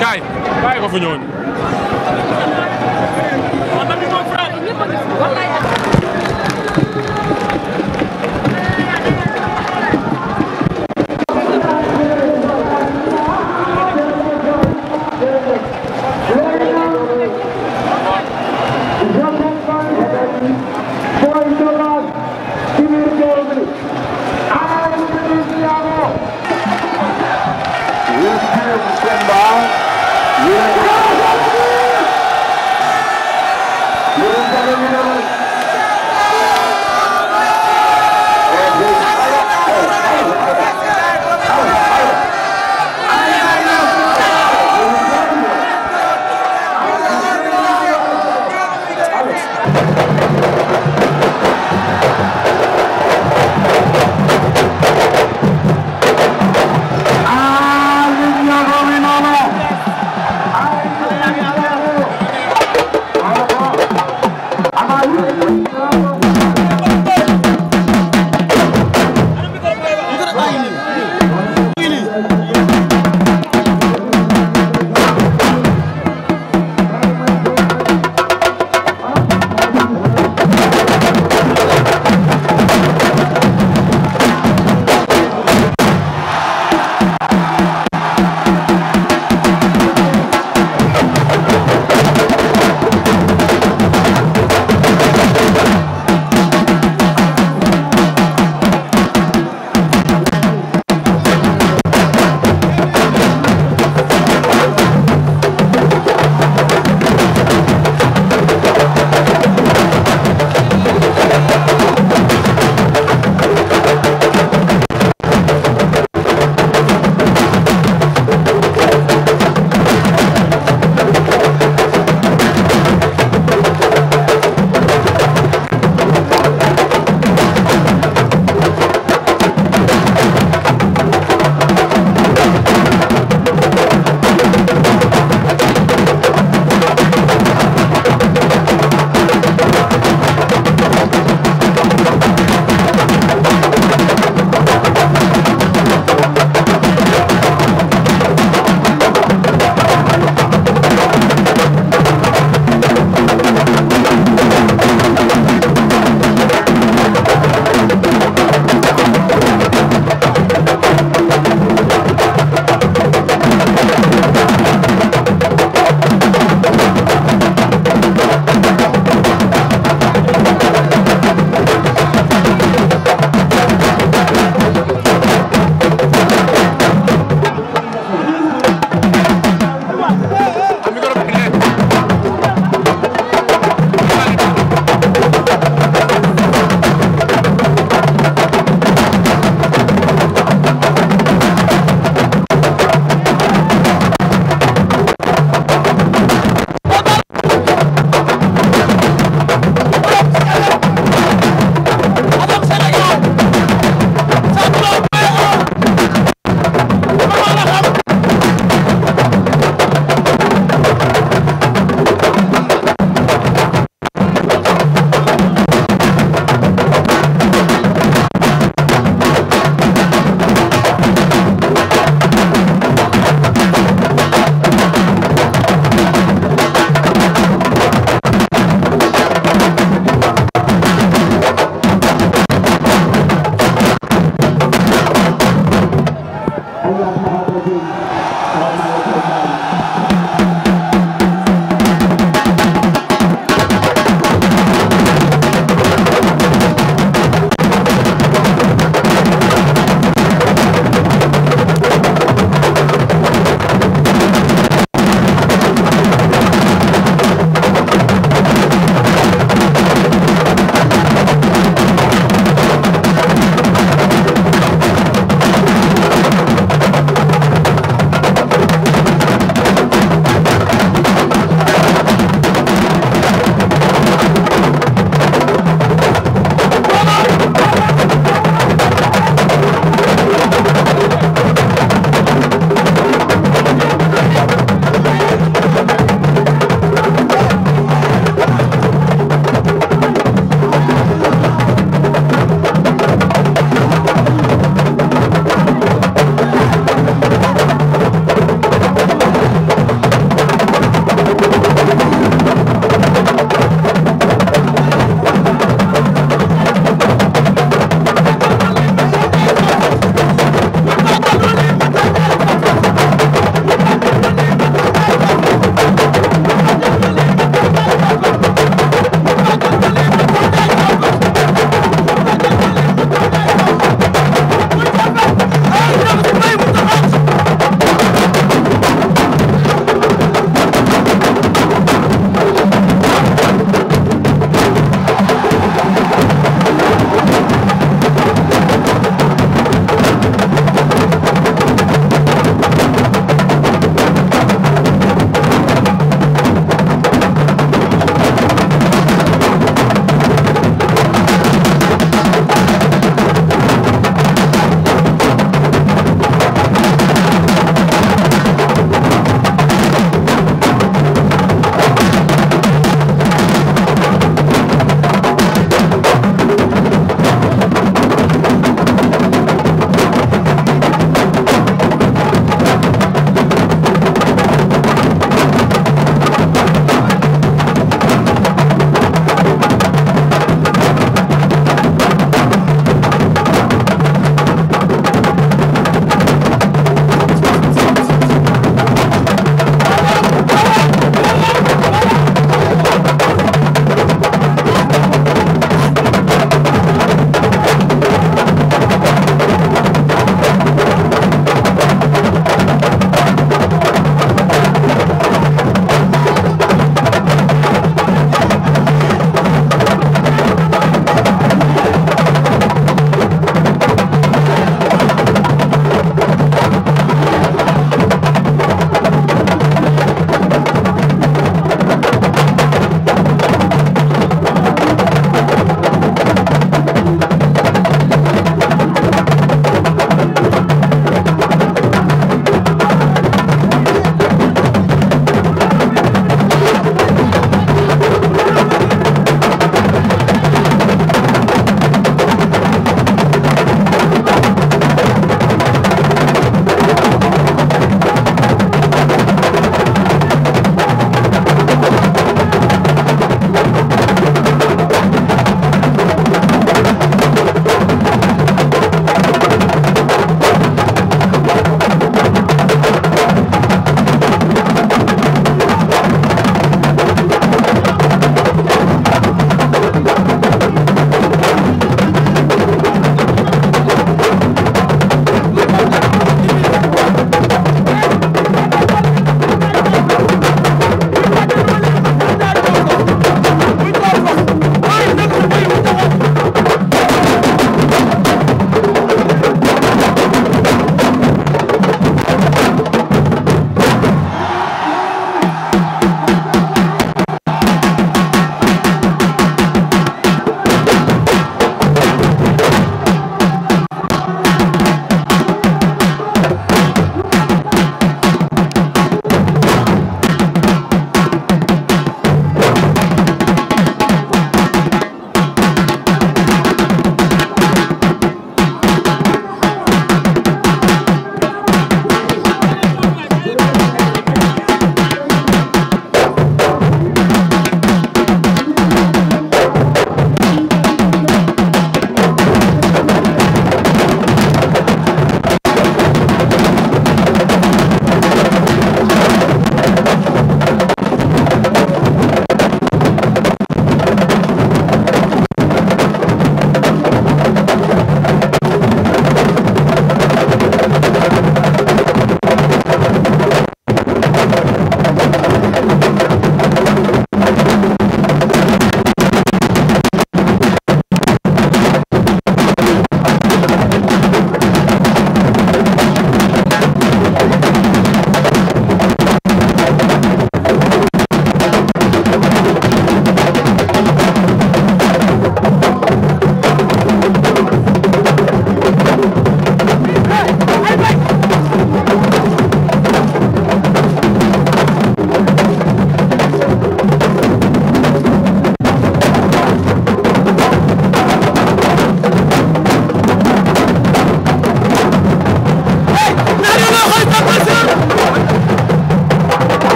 kaay bàyyi ko fu ñëwoon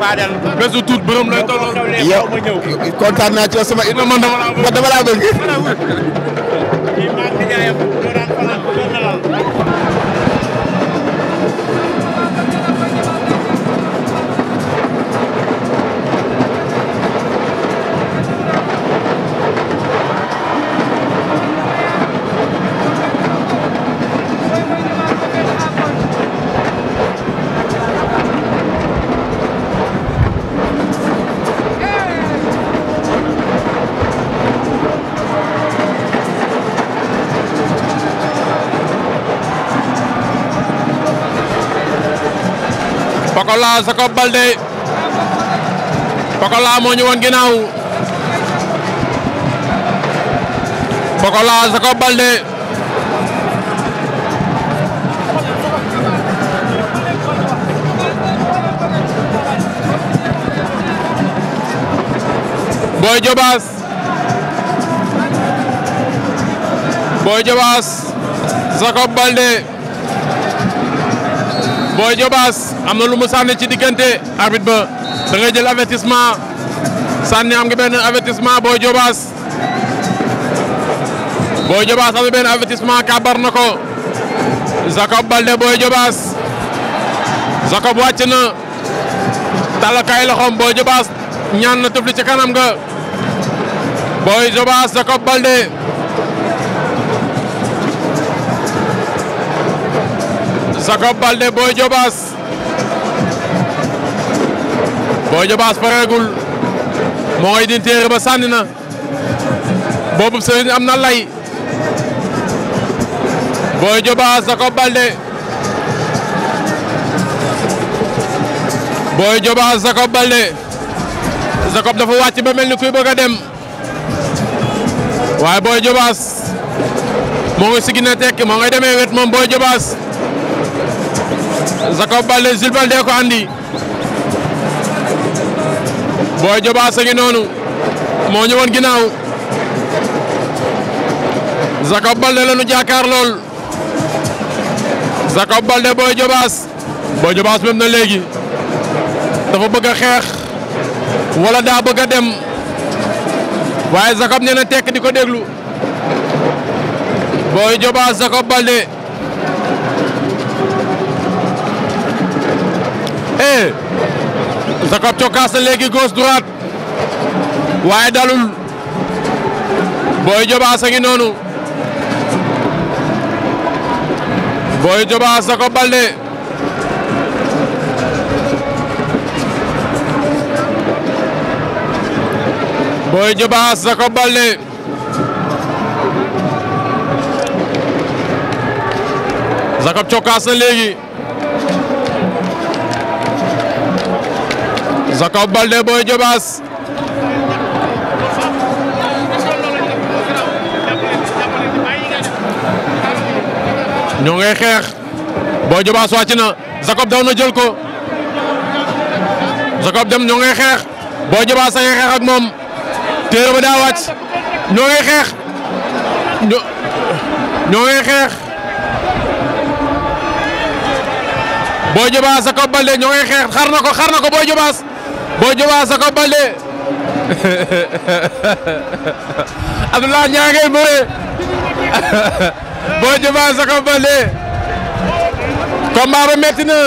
Fadel. bésu tuut bërëm lay tolloo. yow kontaan naa ci sama. dama la bëgg. Pokola Jacob Baldé Pokola moo ñu woon ginnaaw Pokola Jacob Baldé Boy Diobass Boy Diobass Jacob Baldé Boy Diobass am na lu mu sànni ci diggante arbitre ba da ngay jël avertissement sànni am nga benn avertissement Boy Diobass Boy Diobass am na benn avertissement kàbbar na ko Jacob Balde Boy Diobass Jacob wàcc na talakaay loxoom Boy Diobass ñaan na tëfli ci kanam nga Boy Diobass Jacob Balde Jacob Baldé Boy Diobass Boy Diobass pareegul moo ngi din téere ba na boobu Serigne am na lay Boy Diobass Jacob Baldé Jacob dafa wàcc ba mel ni kuy bëgg a dem waaye Boy Diobass moo ngi si gën a moo ngay demee wet moom Boy Diobass Jacob Baldé Jules Baldé ko andi Boy Diobass a ngi moo ñëwoon ginnaaw Jacob Baldé la ñu jàkkaar lool Jacob Baldé Boy Diobass Boy Diobass même na léegi dafa bëgg a xeex wala daa bëgg a dem waaye Jacob nee na tekk di ko déglu Boy Diobass Jacob Baldé Jacob cokkaas na léegi gauche droite waaye dalul Boy Diobass a ngi noonu Boy Diobass Jacob Baldé Boy Diobass Jacob Baldé Jacob cokkaas na léegi Jacob Baldé Boy Diobass ñoo ngay xeex Boy Diobass wàcc na Jacob daw na jël ko Jacob dem ñoo ngay xeex Boy Diobass a ngay xeex ak moom téere ba daa wàcc ñoo ngay xeex ñoo ngay xeex Boy Diobass Jacob Baldé ñoo ngay xeex xar na ko xar na ko Boy Diobass Boy Diobass Saka Baldé Abdoulaye Niang ngay bëre Boy Diobass Saka Baldé combat ba metti na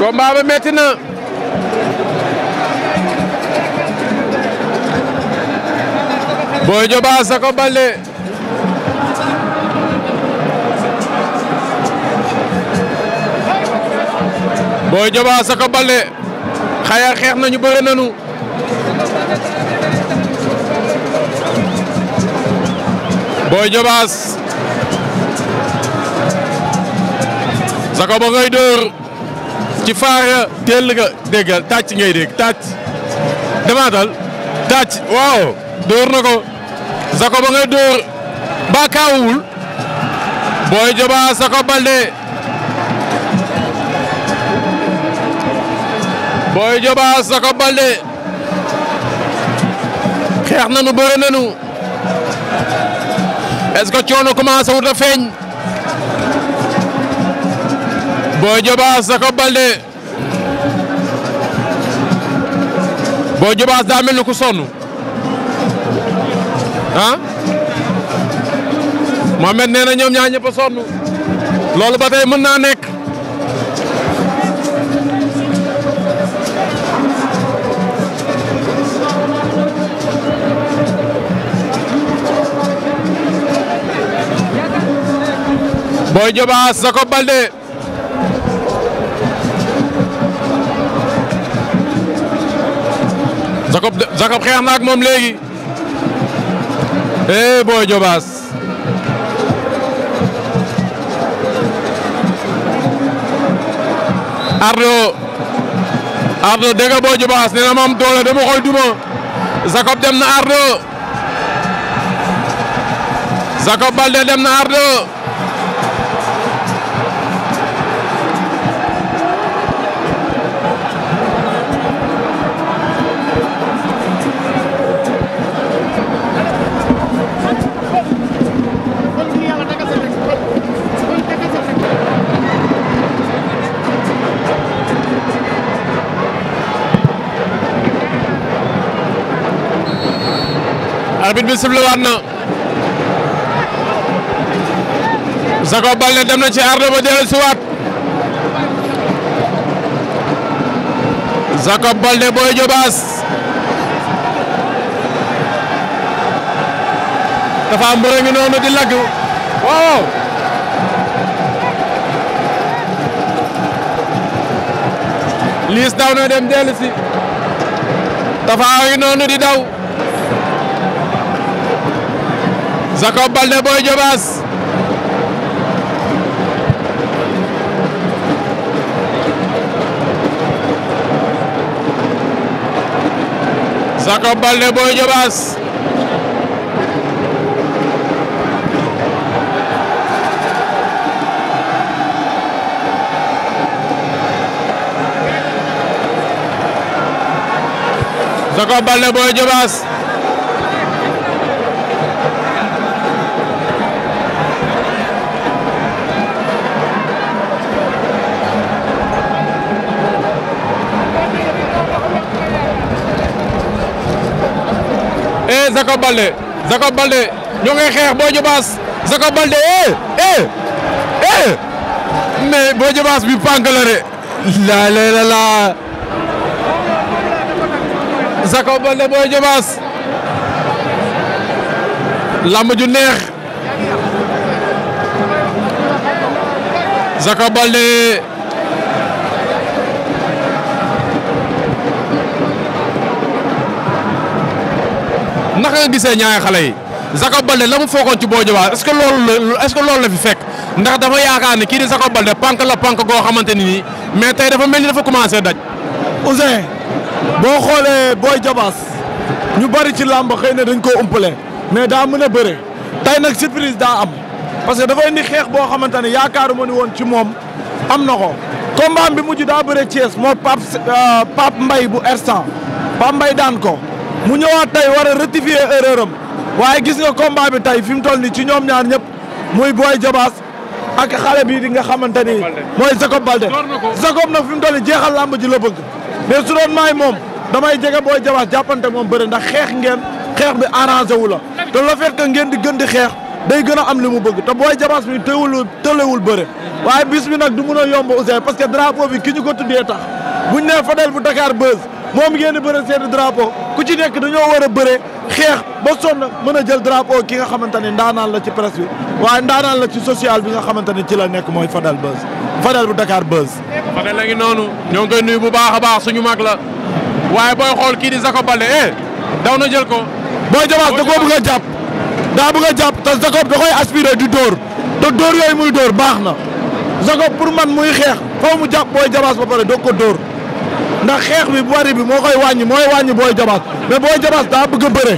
combat ba metti na Boy Diobass Saka Baldé Boy Dioba Saka Baldé xaya xeex nañu bëre nañu Boy Dioba Saka ba ngay dóor ci faara teel nga déggal tàcc ngay dégg tàcc demaatal tàcc waaw dóor na ko ba ngay dóor ba kaawul Boy Dioba Saka Baldé Boy Diobass Jacob Baldé xeex nanu bëre nanu est-ce que coono commencé wut a feeñ Boy Diobass Jacob Baldé Boy Diobass daa mel ni ku sonn ah Mohamed nee na ñoom ñaar ñëpp a loolu ba tey mën naa nekk Boy Diobass Jacob Baldé Jacob Jacob xeex moom léegi eh Boy Diobass Ardo Ardo dégg Boy Diobass nee na ma am doole dama duma Jacob dem na Ardo arbitre bi sifflé waat na Jacob Baldé dem na ci ardo ba dellu si waat Jacob Baldé Boy Diobass dafa mbër ngi noonu di lagg waaw liis daw na dem dellu si ngi noonu di daw Jacob Baldé Boy Diobass Jacob Baldé Boy Diobass Jacob Baldé Boy Diobass Zako Balde Zako Balde ñoo xeex Boy Diobass Balde eh eh eh mais Boy Diobass bi pànk la la la Zako Balde Boy Diobass lamb ju Balde naka nga gisee ñaari xale yi Jacob Baldé la mu foogoon ci Boy Diobass est-ce que loolu la est-ce que loolu la fi fekk ndax dafa yaakaar ne kii di Jacob Baldé pank la pank goo xamante ni nii mais tey dafa mel ni dafa commencé daj. Ousseyn boo xoolee Boy Diobass ñu bari ci làmb xëy na dañ koo umpale mais daa mën a bëre tey nag surprise daa am parce que dafa indi xeex boo xamante ne yaakaaruma ni woon ci moom am na ko combat bi mujj daa bëre Thiès moo Pape euh, Pape Mbaye bu Ersan Pape Mbaye daan ko. mu ñëwaat tey war a rectifier erreur am waaye gis nga combat bi tey fi mu toll nii ci ñoom ñaar ñëpp muy Boy Jabaas ak xale bii di nga xamante ni mooy Jacob Balde Jacob nag fi mu toll nii jeexal làmb ji la bëgg mais su doon maay moom damay jege Boy Jabaas jàppante moom bëri ndax xeex ngeen xeex bi arrangé wu la te le fait que ngeen di gën di xeex day gën a am li mu bëgg te Boy Jabaas mi tëwul tëlewul bëre waaye bis bi nag du mun a yomb Ousseyn parce que drapeau bi ki ñu ko tuddee tax buñ nee Fadel moom ngeen di bëre seen drapeau ku ci nekk dañoo war a bëre xeex ba sonn mën a jël drapo ki nga xamante ne ndaanaan la ci presse bi waaye ndaanaan la ci social bi nga xamante ne ci la nekk mooy Fadel Buzz Fadel bu dakaar Buzz. Fadel la noonu ñoo ngi koy nuyu bu baax a baax suñu mag la waaye booy xool kii di Jacob Baldé eh daw na jël ko. booy jabaas da koo bëgg a jàpp daa bëgg a jàpp te Jacob da koy aspiré di dóor te dóor yooyu muy dóor baax na Jacob pour man muy xeex foo mu jàpp booy jabaas ba pare ko dóor. ndax xeex bi bari bi moo koy wàññi mooy wàññi booy jabaas mais booy jabaas daa bëgg a bëre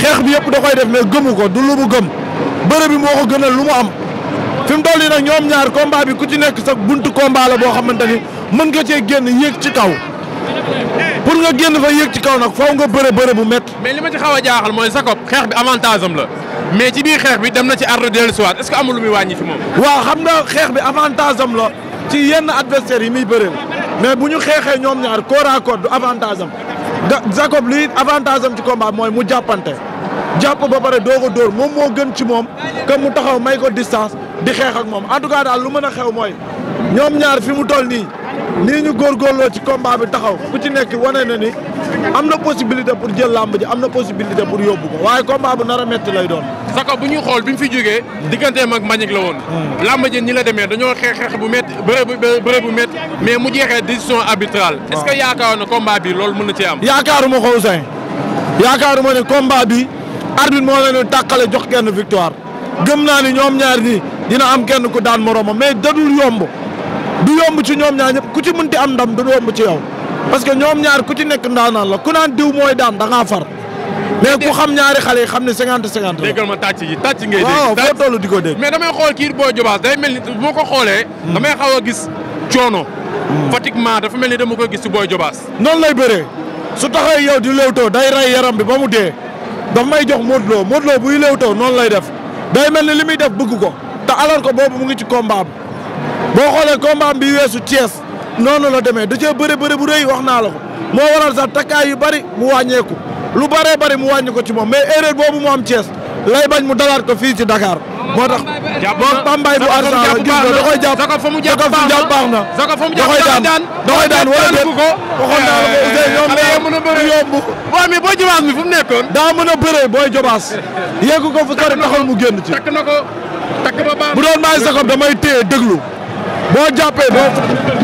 xeex bi yëpp da koy def mais gëmu ko du lu mu gëm bëre bi moo ko gënal lu mu am fi mu toll nii nag ñoom ñaar combat bi ku ci nekk sa buntu combat la boo xamante ni mën nga cee génn yéeg ci kaw pour nga génn fa yéeg ci kaw nag faw nga bëre bëre bu métti. mais li ma ci xaw a jaaxal mooy Jacob xeex bi avantage am la mais ci biir xeex bi dem na ci ardo dellusiwaat est-ce que amul lu moom. waaw xam nga xeex bi avantage am la ci yenn adversaires yi muy bëreel mais bu ñu xeexee ñoom ñaar corps à corps du avantage am Jacob lii avantage am ci combat mooy mu jàppante jàpp ba pare doo ko dóor moom moo gën ci moom que mu taxaw may ko distance di xeex ak moom en tout cas daal lu mën a xew mooy ñoom ñaar fi mu toll nii. nii ñu góorgóorloo ci combat bi taxaw ku ci nekk wane na ni am na possibilité pour jël làmb ji am na possibilité pour yóbbu ko waaye combat bu nar a metti lay doon. Sako bu ñuy xool bi mu fi jógee digganteem ak Mbagnick la woon. làmb ji ñi la demee dañoo xeex xeex bu métti bëre bu bëre bu métti mais mu jeexee décision arbitrale. est que yaakaar na combat bi loolu mën na cee am. yaakaaruma ko Ousseyn yaakaaruma ne combat bi arbitre moo leen tàqale jox kenn victoire gëm naa ni ñoom ñaar ñi dina am kenn ku daan moromam mais dadul yomb. du yomb ci ñoom ñaar ñëpp ku ci mënti am ndam du yomb ci yow parce que ñoom ñaar ku ci nekk ndaanaan la ku naan diw mooy daan da ngaa far mais ku xam ñaari xale yi xam ne cinquante cinquante la. déggal ma tàcc yi tàcc ngay dégg. waaw foo toll di ko dégg. mais damay xool kii Boy Diobass ni bu ma ko xoolee. Hmm. damay xaw a gis coono. pratiquement hmm. dafa mel ni dama ko gis si Boy Diobass. noonu lay bëree su taxawee yow di léwtoo day rey yaram bi ba mu dee daf may jox Modou Lo Modou Lo buy léwtoo noonu lay def day mel ni li muy def bëgg ko te alal ko boobu mu ngi ci combat boo xoolee combat bi weesu Thiès noonu la demee da cee bëre bëre bu rëy wax naa la ko moo waral sax takkaay yu bari mu wàññeeku lu bëree bëri mu wàññi ko ci moom mais erreur boobu mu am Thiès lay bañ mu dalaat ko fii ci dakaar moo tax. jàpp na Bambaye bu Arsan la gis nga da baax na da koy daan da koy daan wala déet waxoon naa ko a bëree yomb. waaw mais booy jobaas mi fu daa mën a bëree booy jobaas yeggu ko fu sori taxal mu génn ci. takk na ko takk ba bu doon maay saxam damay téye déglu boo jàppee doo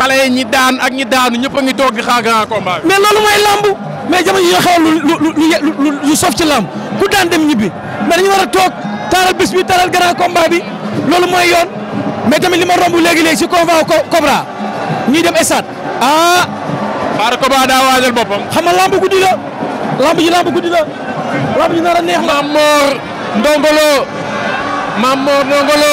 xale yi ñi daan ak ñi daanu ñëpp a ngi toog di xaar grand combat mais loolu mooy lamb mais jamono yi xew lu lu lu sof ci lamb ku daan dem ñibbi mais dañu war a toog taaral bis bi taaral grand combat bi loolu mooy yoon mais tamit li ma romb léegi-léegi si convoi Cobra ñuy dem Esat ah. Baara Cobra daa waajal boppam. xam nga guddi la lamb ji lamb guddi la lamb ji nar a neex la. Mamor Ndongolo Mamor Ndongolo.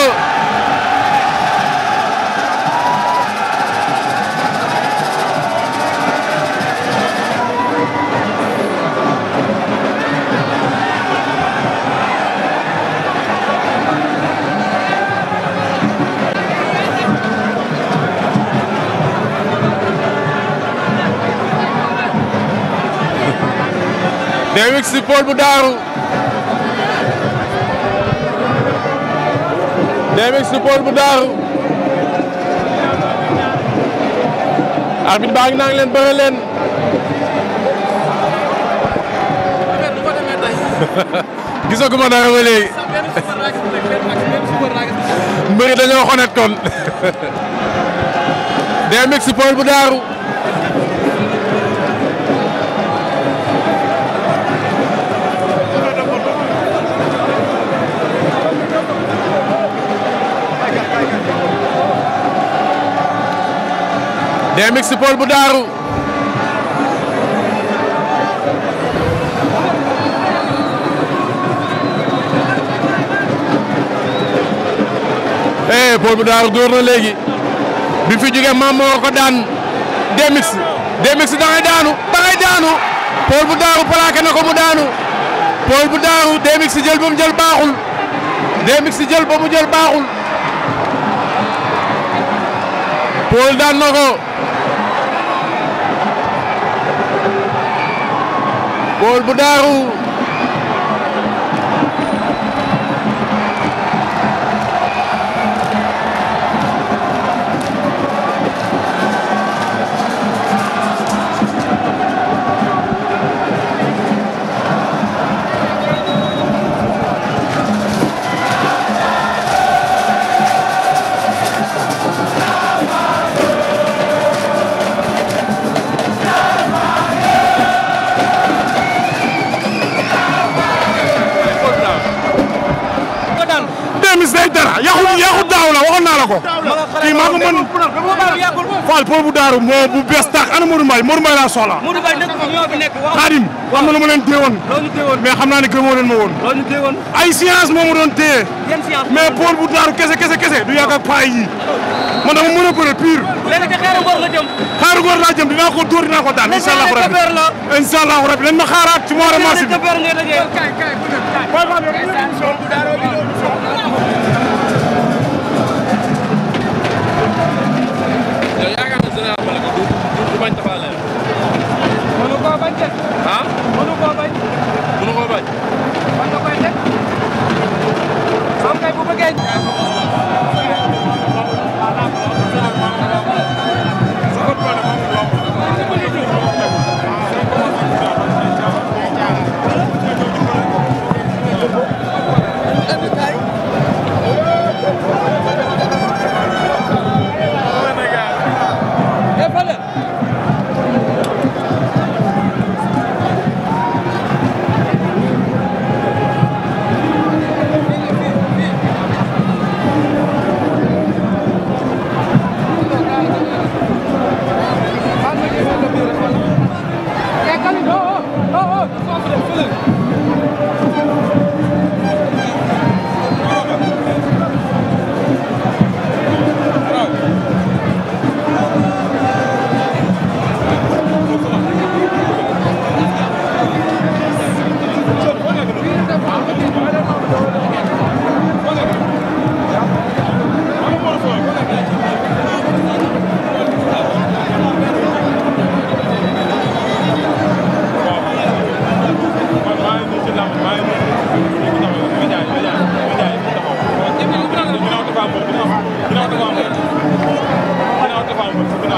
Deux Weeks si Paul bu Daaru Deux bu Daaru arbitre baa ngi naan leen bëre leen gisaguma dara ba léegi dañoo xonet kon Deux si Paul bu Daaru Demix Paul bu Daaru eh Paul bu Daaru dóor na léegi bi fi jógee maam ko daan Demix Demix da ngay daanu da ngay daanu Paul bu Daaru plaqué na ko mu daanu Paul bu Daaru Demix jël ba mu jël baaxul Demix jël ba mu jël baaxul Paul daan na ko bool bu daaru mën Fall pour bu daaru moo bu bees tax ana Modou Mbaye Modou Mbaye laa soxla Xaadim am na lu ma leen téewoon mais xam naa ne gëmoo leen ma woon ay science moo ma doon téye mais pour bu daaru kese kese kese du yàgg ak paay yi man dama mën a bëre pire léegi dinaa ko dóor dinaa ko daan incha allahu rabi incha allahu rabi nañ ma xaaraat ci mois de mars bi koy teg. ah mënu koo bañ. mënu koo bañ. kon da koy teg. moom kay bu bëggee. su ko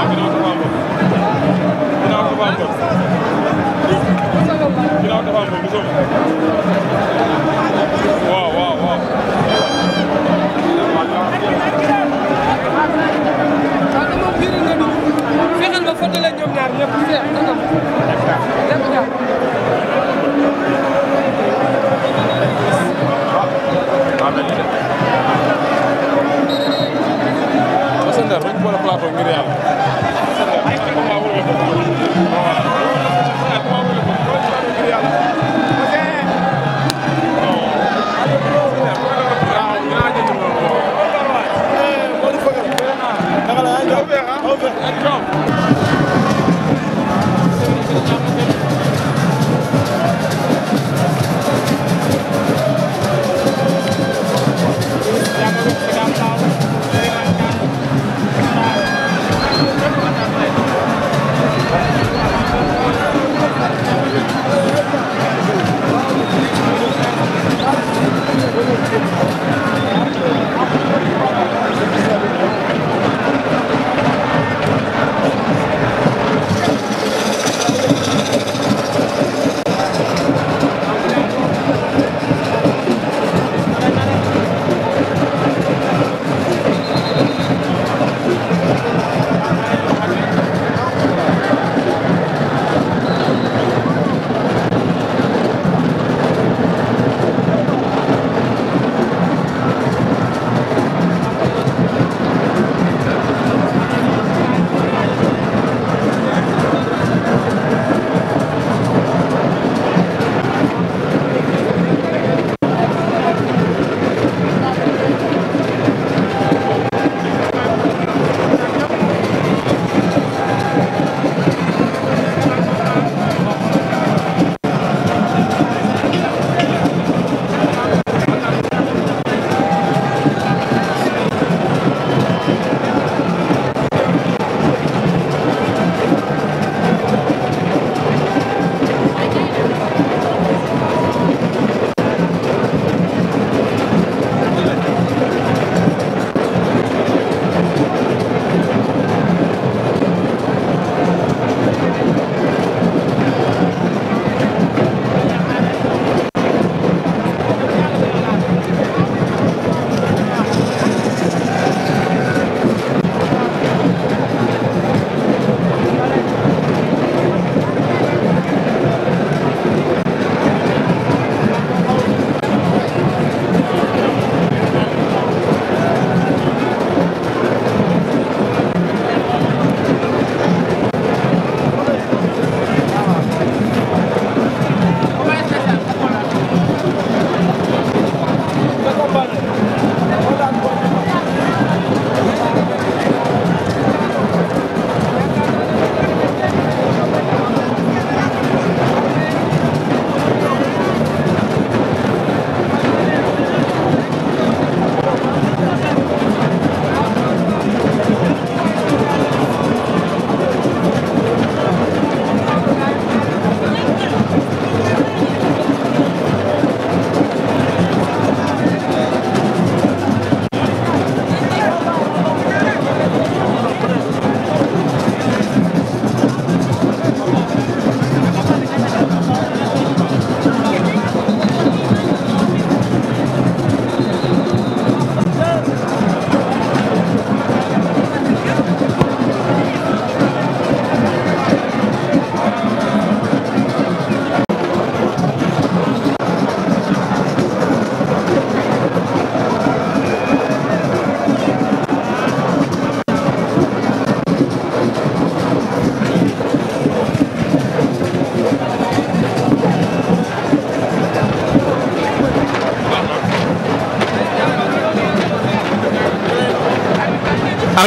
waaw ginnaaw dafa am bopp ginnaaw dafa am bopp ginnaaw dafa am bopp gisoo waaw waaw waaw fexeel nga foto leen ñoom ñaar ñëpp seex naka lépp ñaar waaw waaw Sénégal dañ boole plateau ngir yàlla. Sénégal ay combat wala ko. Waaw. Sénégal combat wala ko. Ngir yàlla.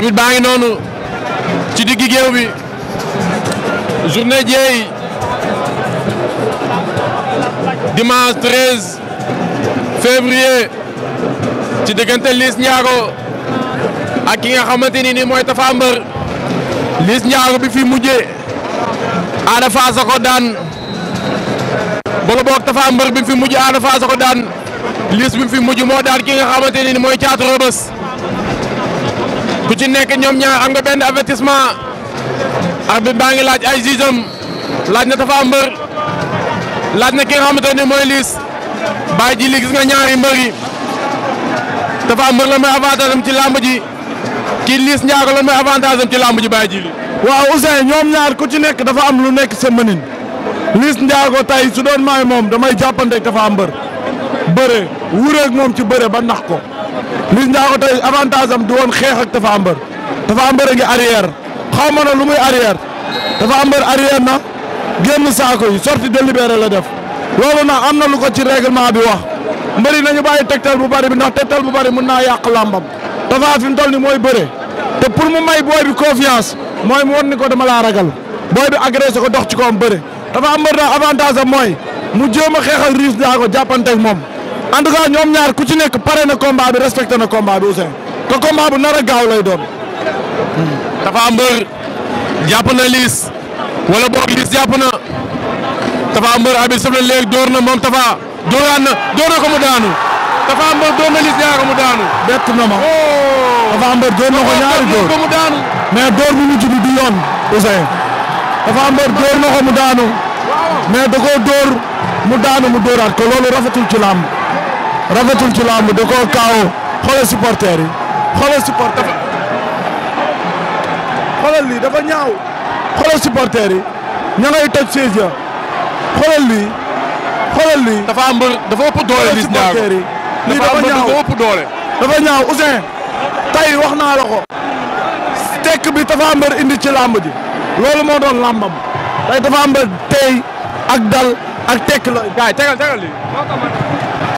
arbitre baa ngi noonu ci diggi géew bi journée Dieye dimanche 13 février ci diggante Liss Ndiago ak ki nga xamante ni mooy Tapha Mbeur Liss Ndiago bi fi mujjee Ada Fass a ko daan bolo boog Tapha Mbeur bi fi mujj Ada Fass a ko daan Liss bi fi mujj moo daan ki nga xamante ni mooy Thiatou Rebeuss ku ci nekk ñoom ñaar am nga benn avertissement arbitre baa ngi laaj ay jugeem laaj na Tapha Mbeur laaj na ki nga xamante ne mooy liis bàyyi ji li gis nga ñaari mbër yi Tapha Mbeur la mooy avantage am ci làmb ji kii liis Ndiago la mooy avantage am ci làmb ji bàyyi ji li waaw Ousseyn ñoom ñaar ku ci nekk dafa am lu nekk sa mënin Liss Ndiago tey su doon maay moom damay jàppante dafa Tapha Mbeur bëre wuureeg moom ci bëre ba nax ko Liss Ndiago tey avantage am du woon xeex ak Tapha Mbeur Tapha a ngi arrière xaw ma na lu muy arrière Tapha Mbeur arrière na génn saako yi sortie délibérée la def loolu nag am na lu ko ci règlement bi wax mbëri nañu bàyyi tegtal bu bari bi ndax tegtal bu bari mën naa yàq làmbam Tapha fi mu toll ni mooy bëre te pour mu may booy bi confiance mooy mu won ni ko dama laa ragal booy bi agressé ko dox ci kawam bëre Tapha Mbeur daa avantage am mooy mu jéem a xeexal Liss Ndiago moom en tout ñoom ñaar ku ci nekk pare na combat bi na combat bi Ousseyn te combat gaaw lay doon. Tapha Mbeur jàpp na Liss wala boog Liss jàpp na Tapha Mbeur abi la léegi door na moom Tapha dooraan na door na ko mu daanu Tapha Mbeur door na Liss ñaar ko mu daanu. bett na ma oh! Tapha Mbeur door na ko ñaari door ko door bu mujj du yoon Ousseyn Tapha Mbeur door na ko mu daanu mais da door mu daanu mu dooraat ko loolu rafetul ci rafetul ci làmb da koo kaaw xoolal supporter yi xoolal supporter dafa ñaaw xoolal supporter yi ña ngay toj siège ya xoolal lii xoolal lii dafa am dafa ëpp doole lii supporter yi lii dafa ñaaw dafa ëpp doole dafa wax naa la ko tekk bi dafa am indi ci làmb ji loolu moo doon làmbam tey dafa am tey ak dal ak tekk la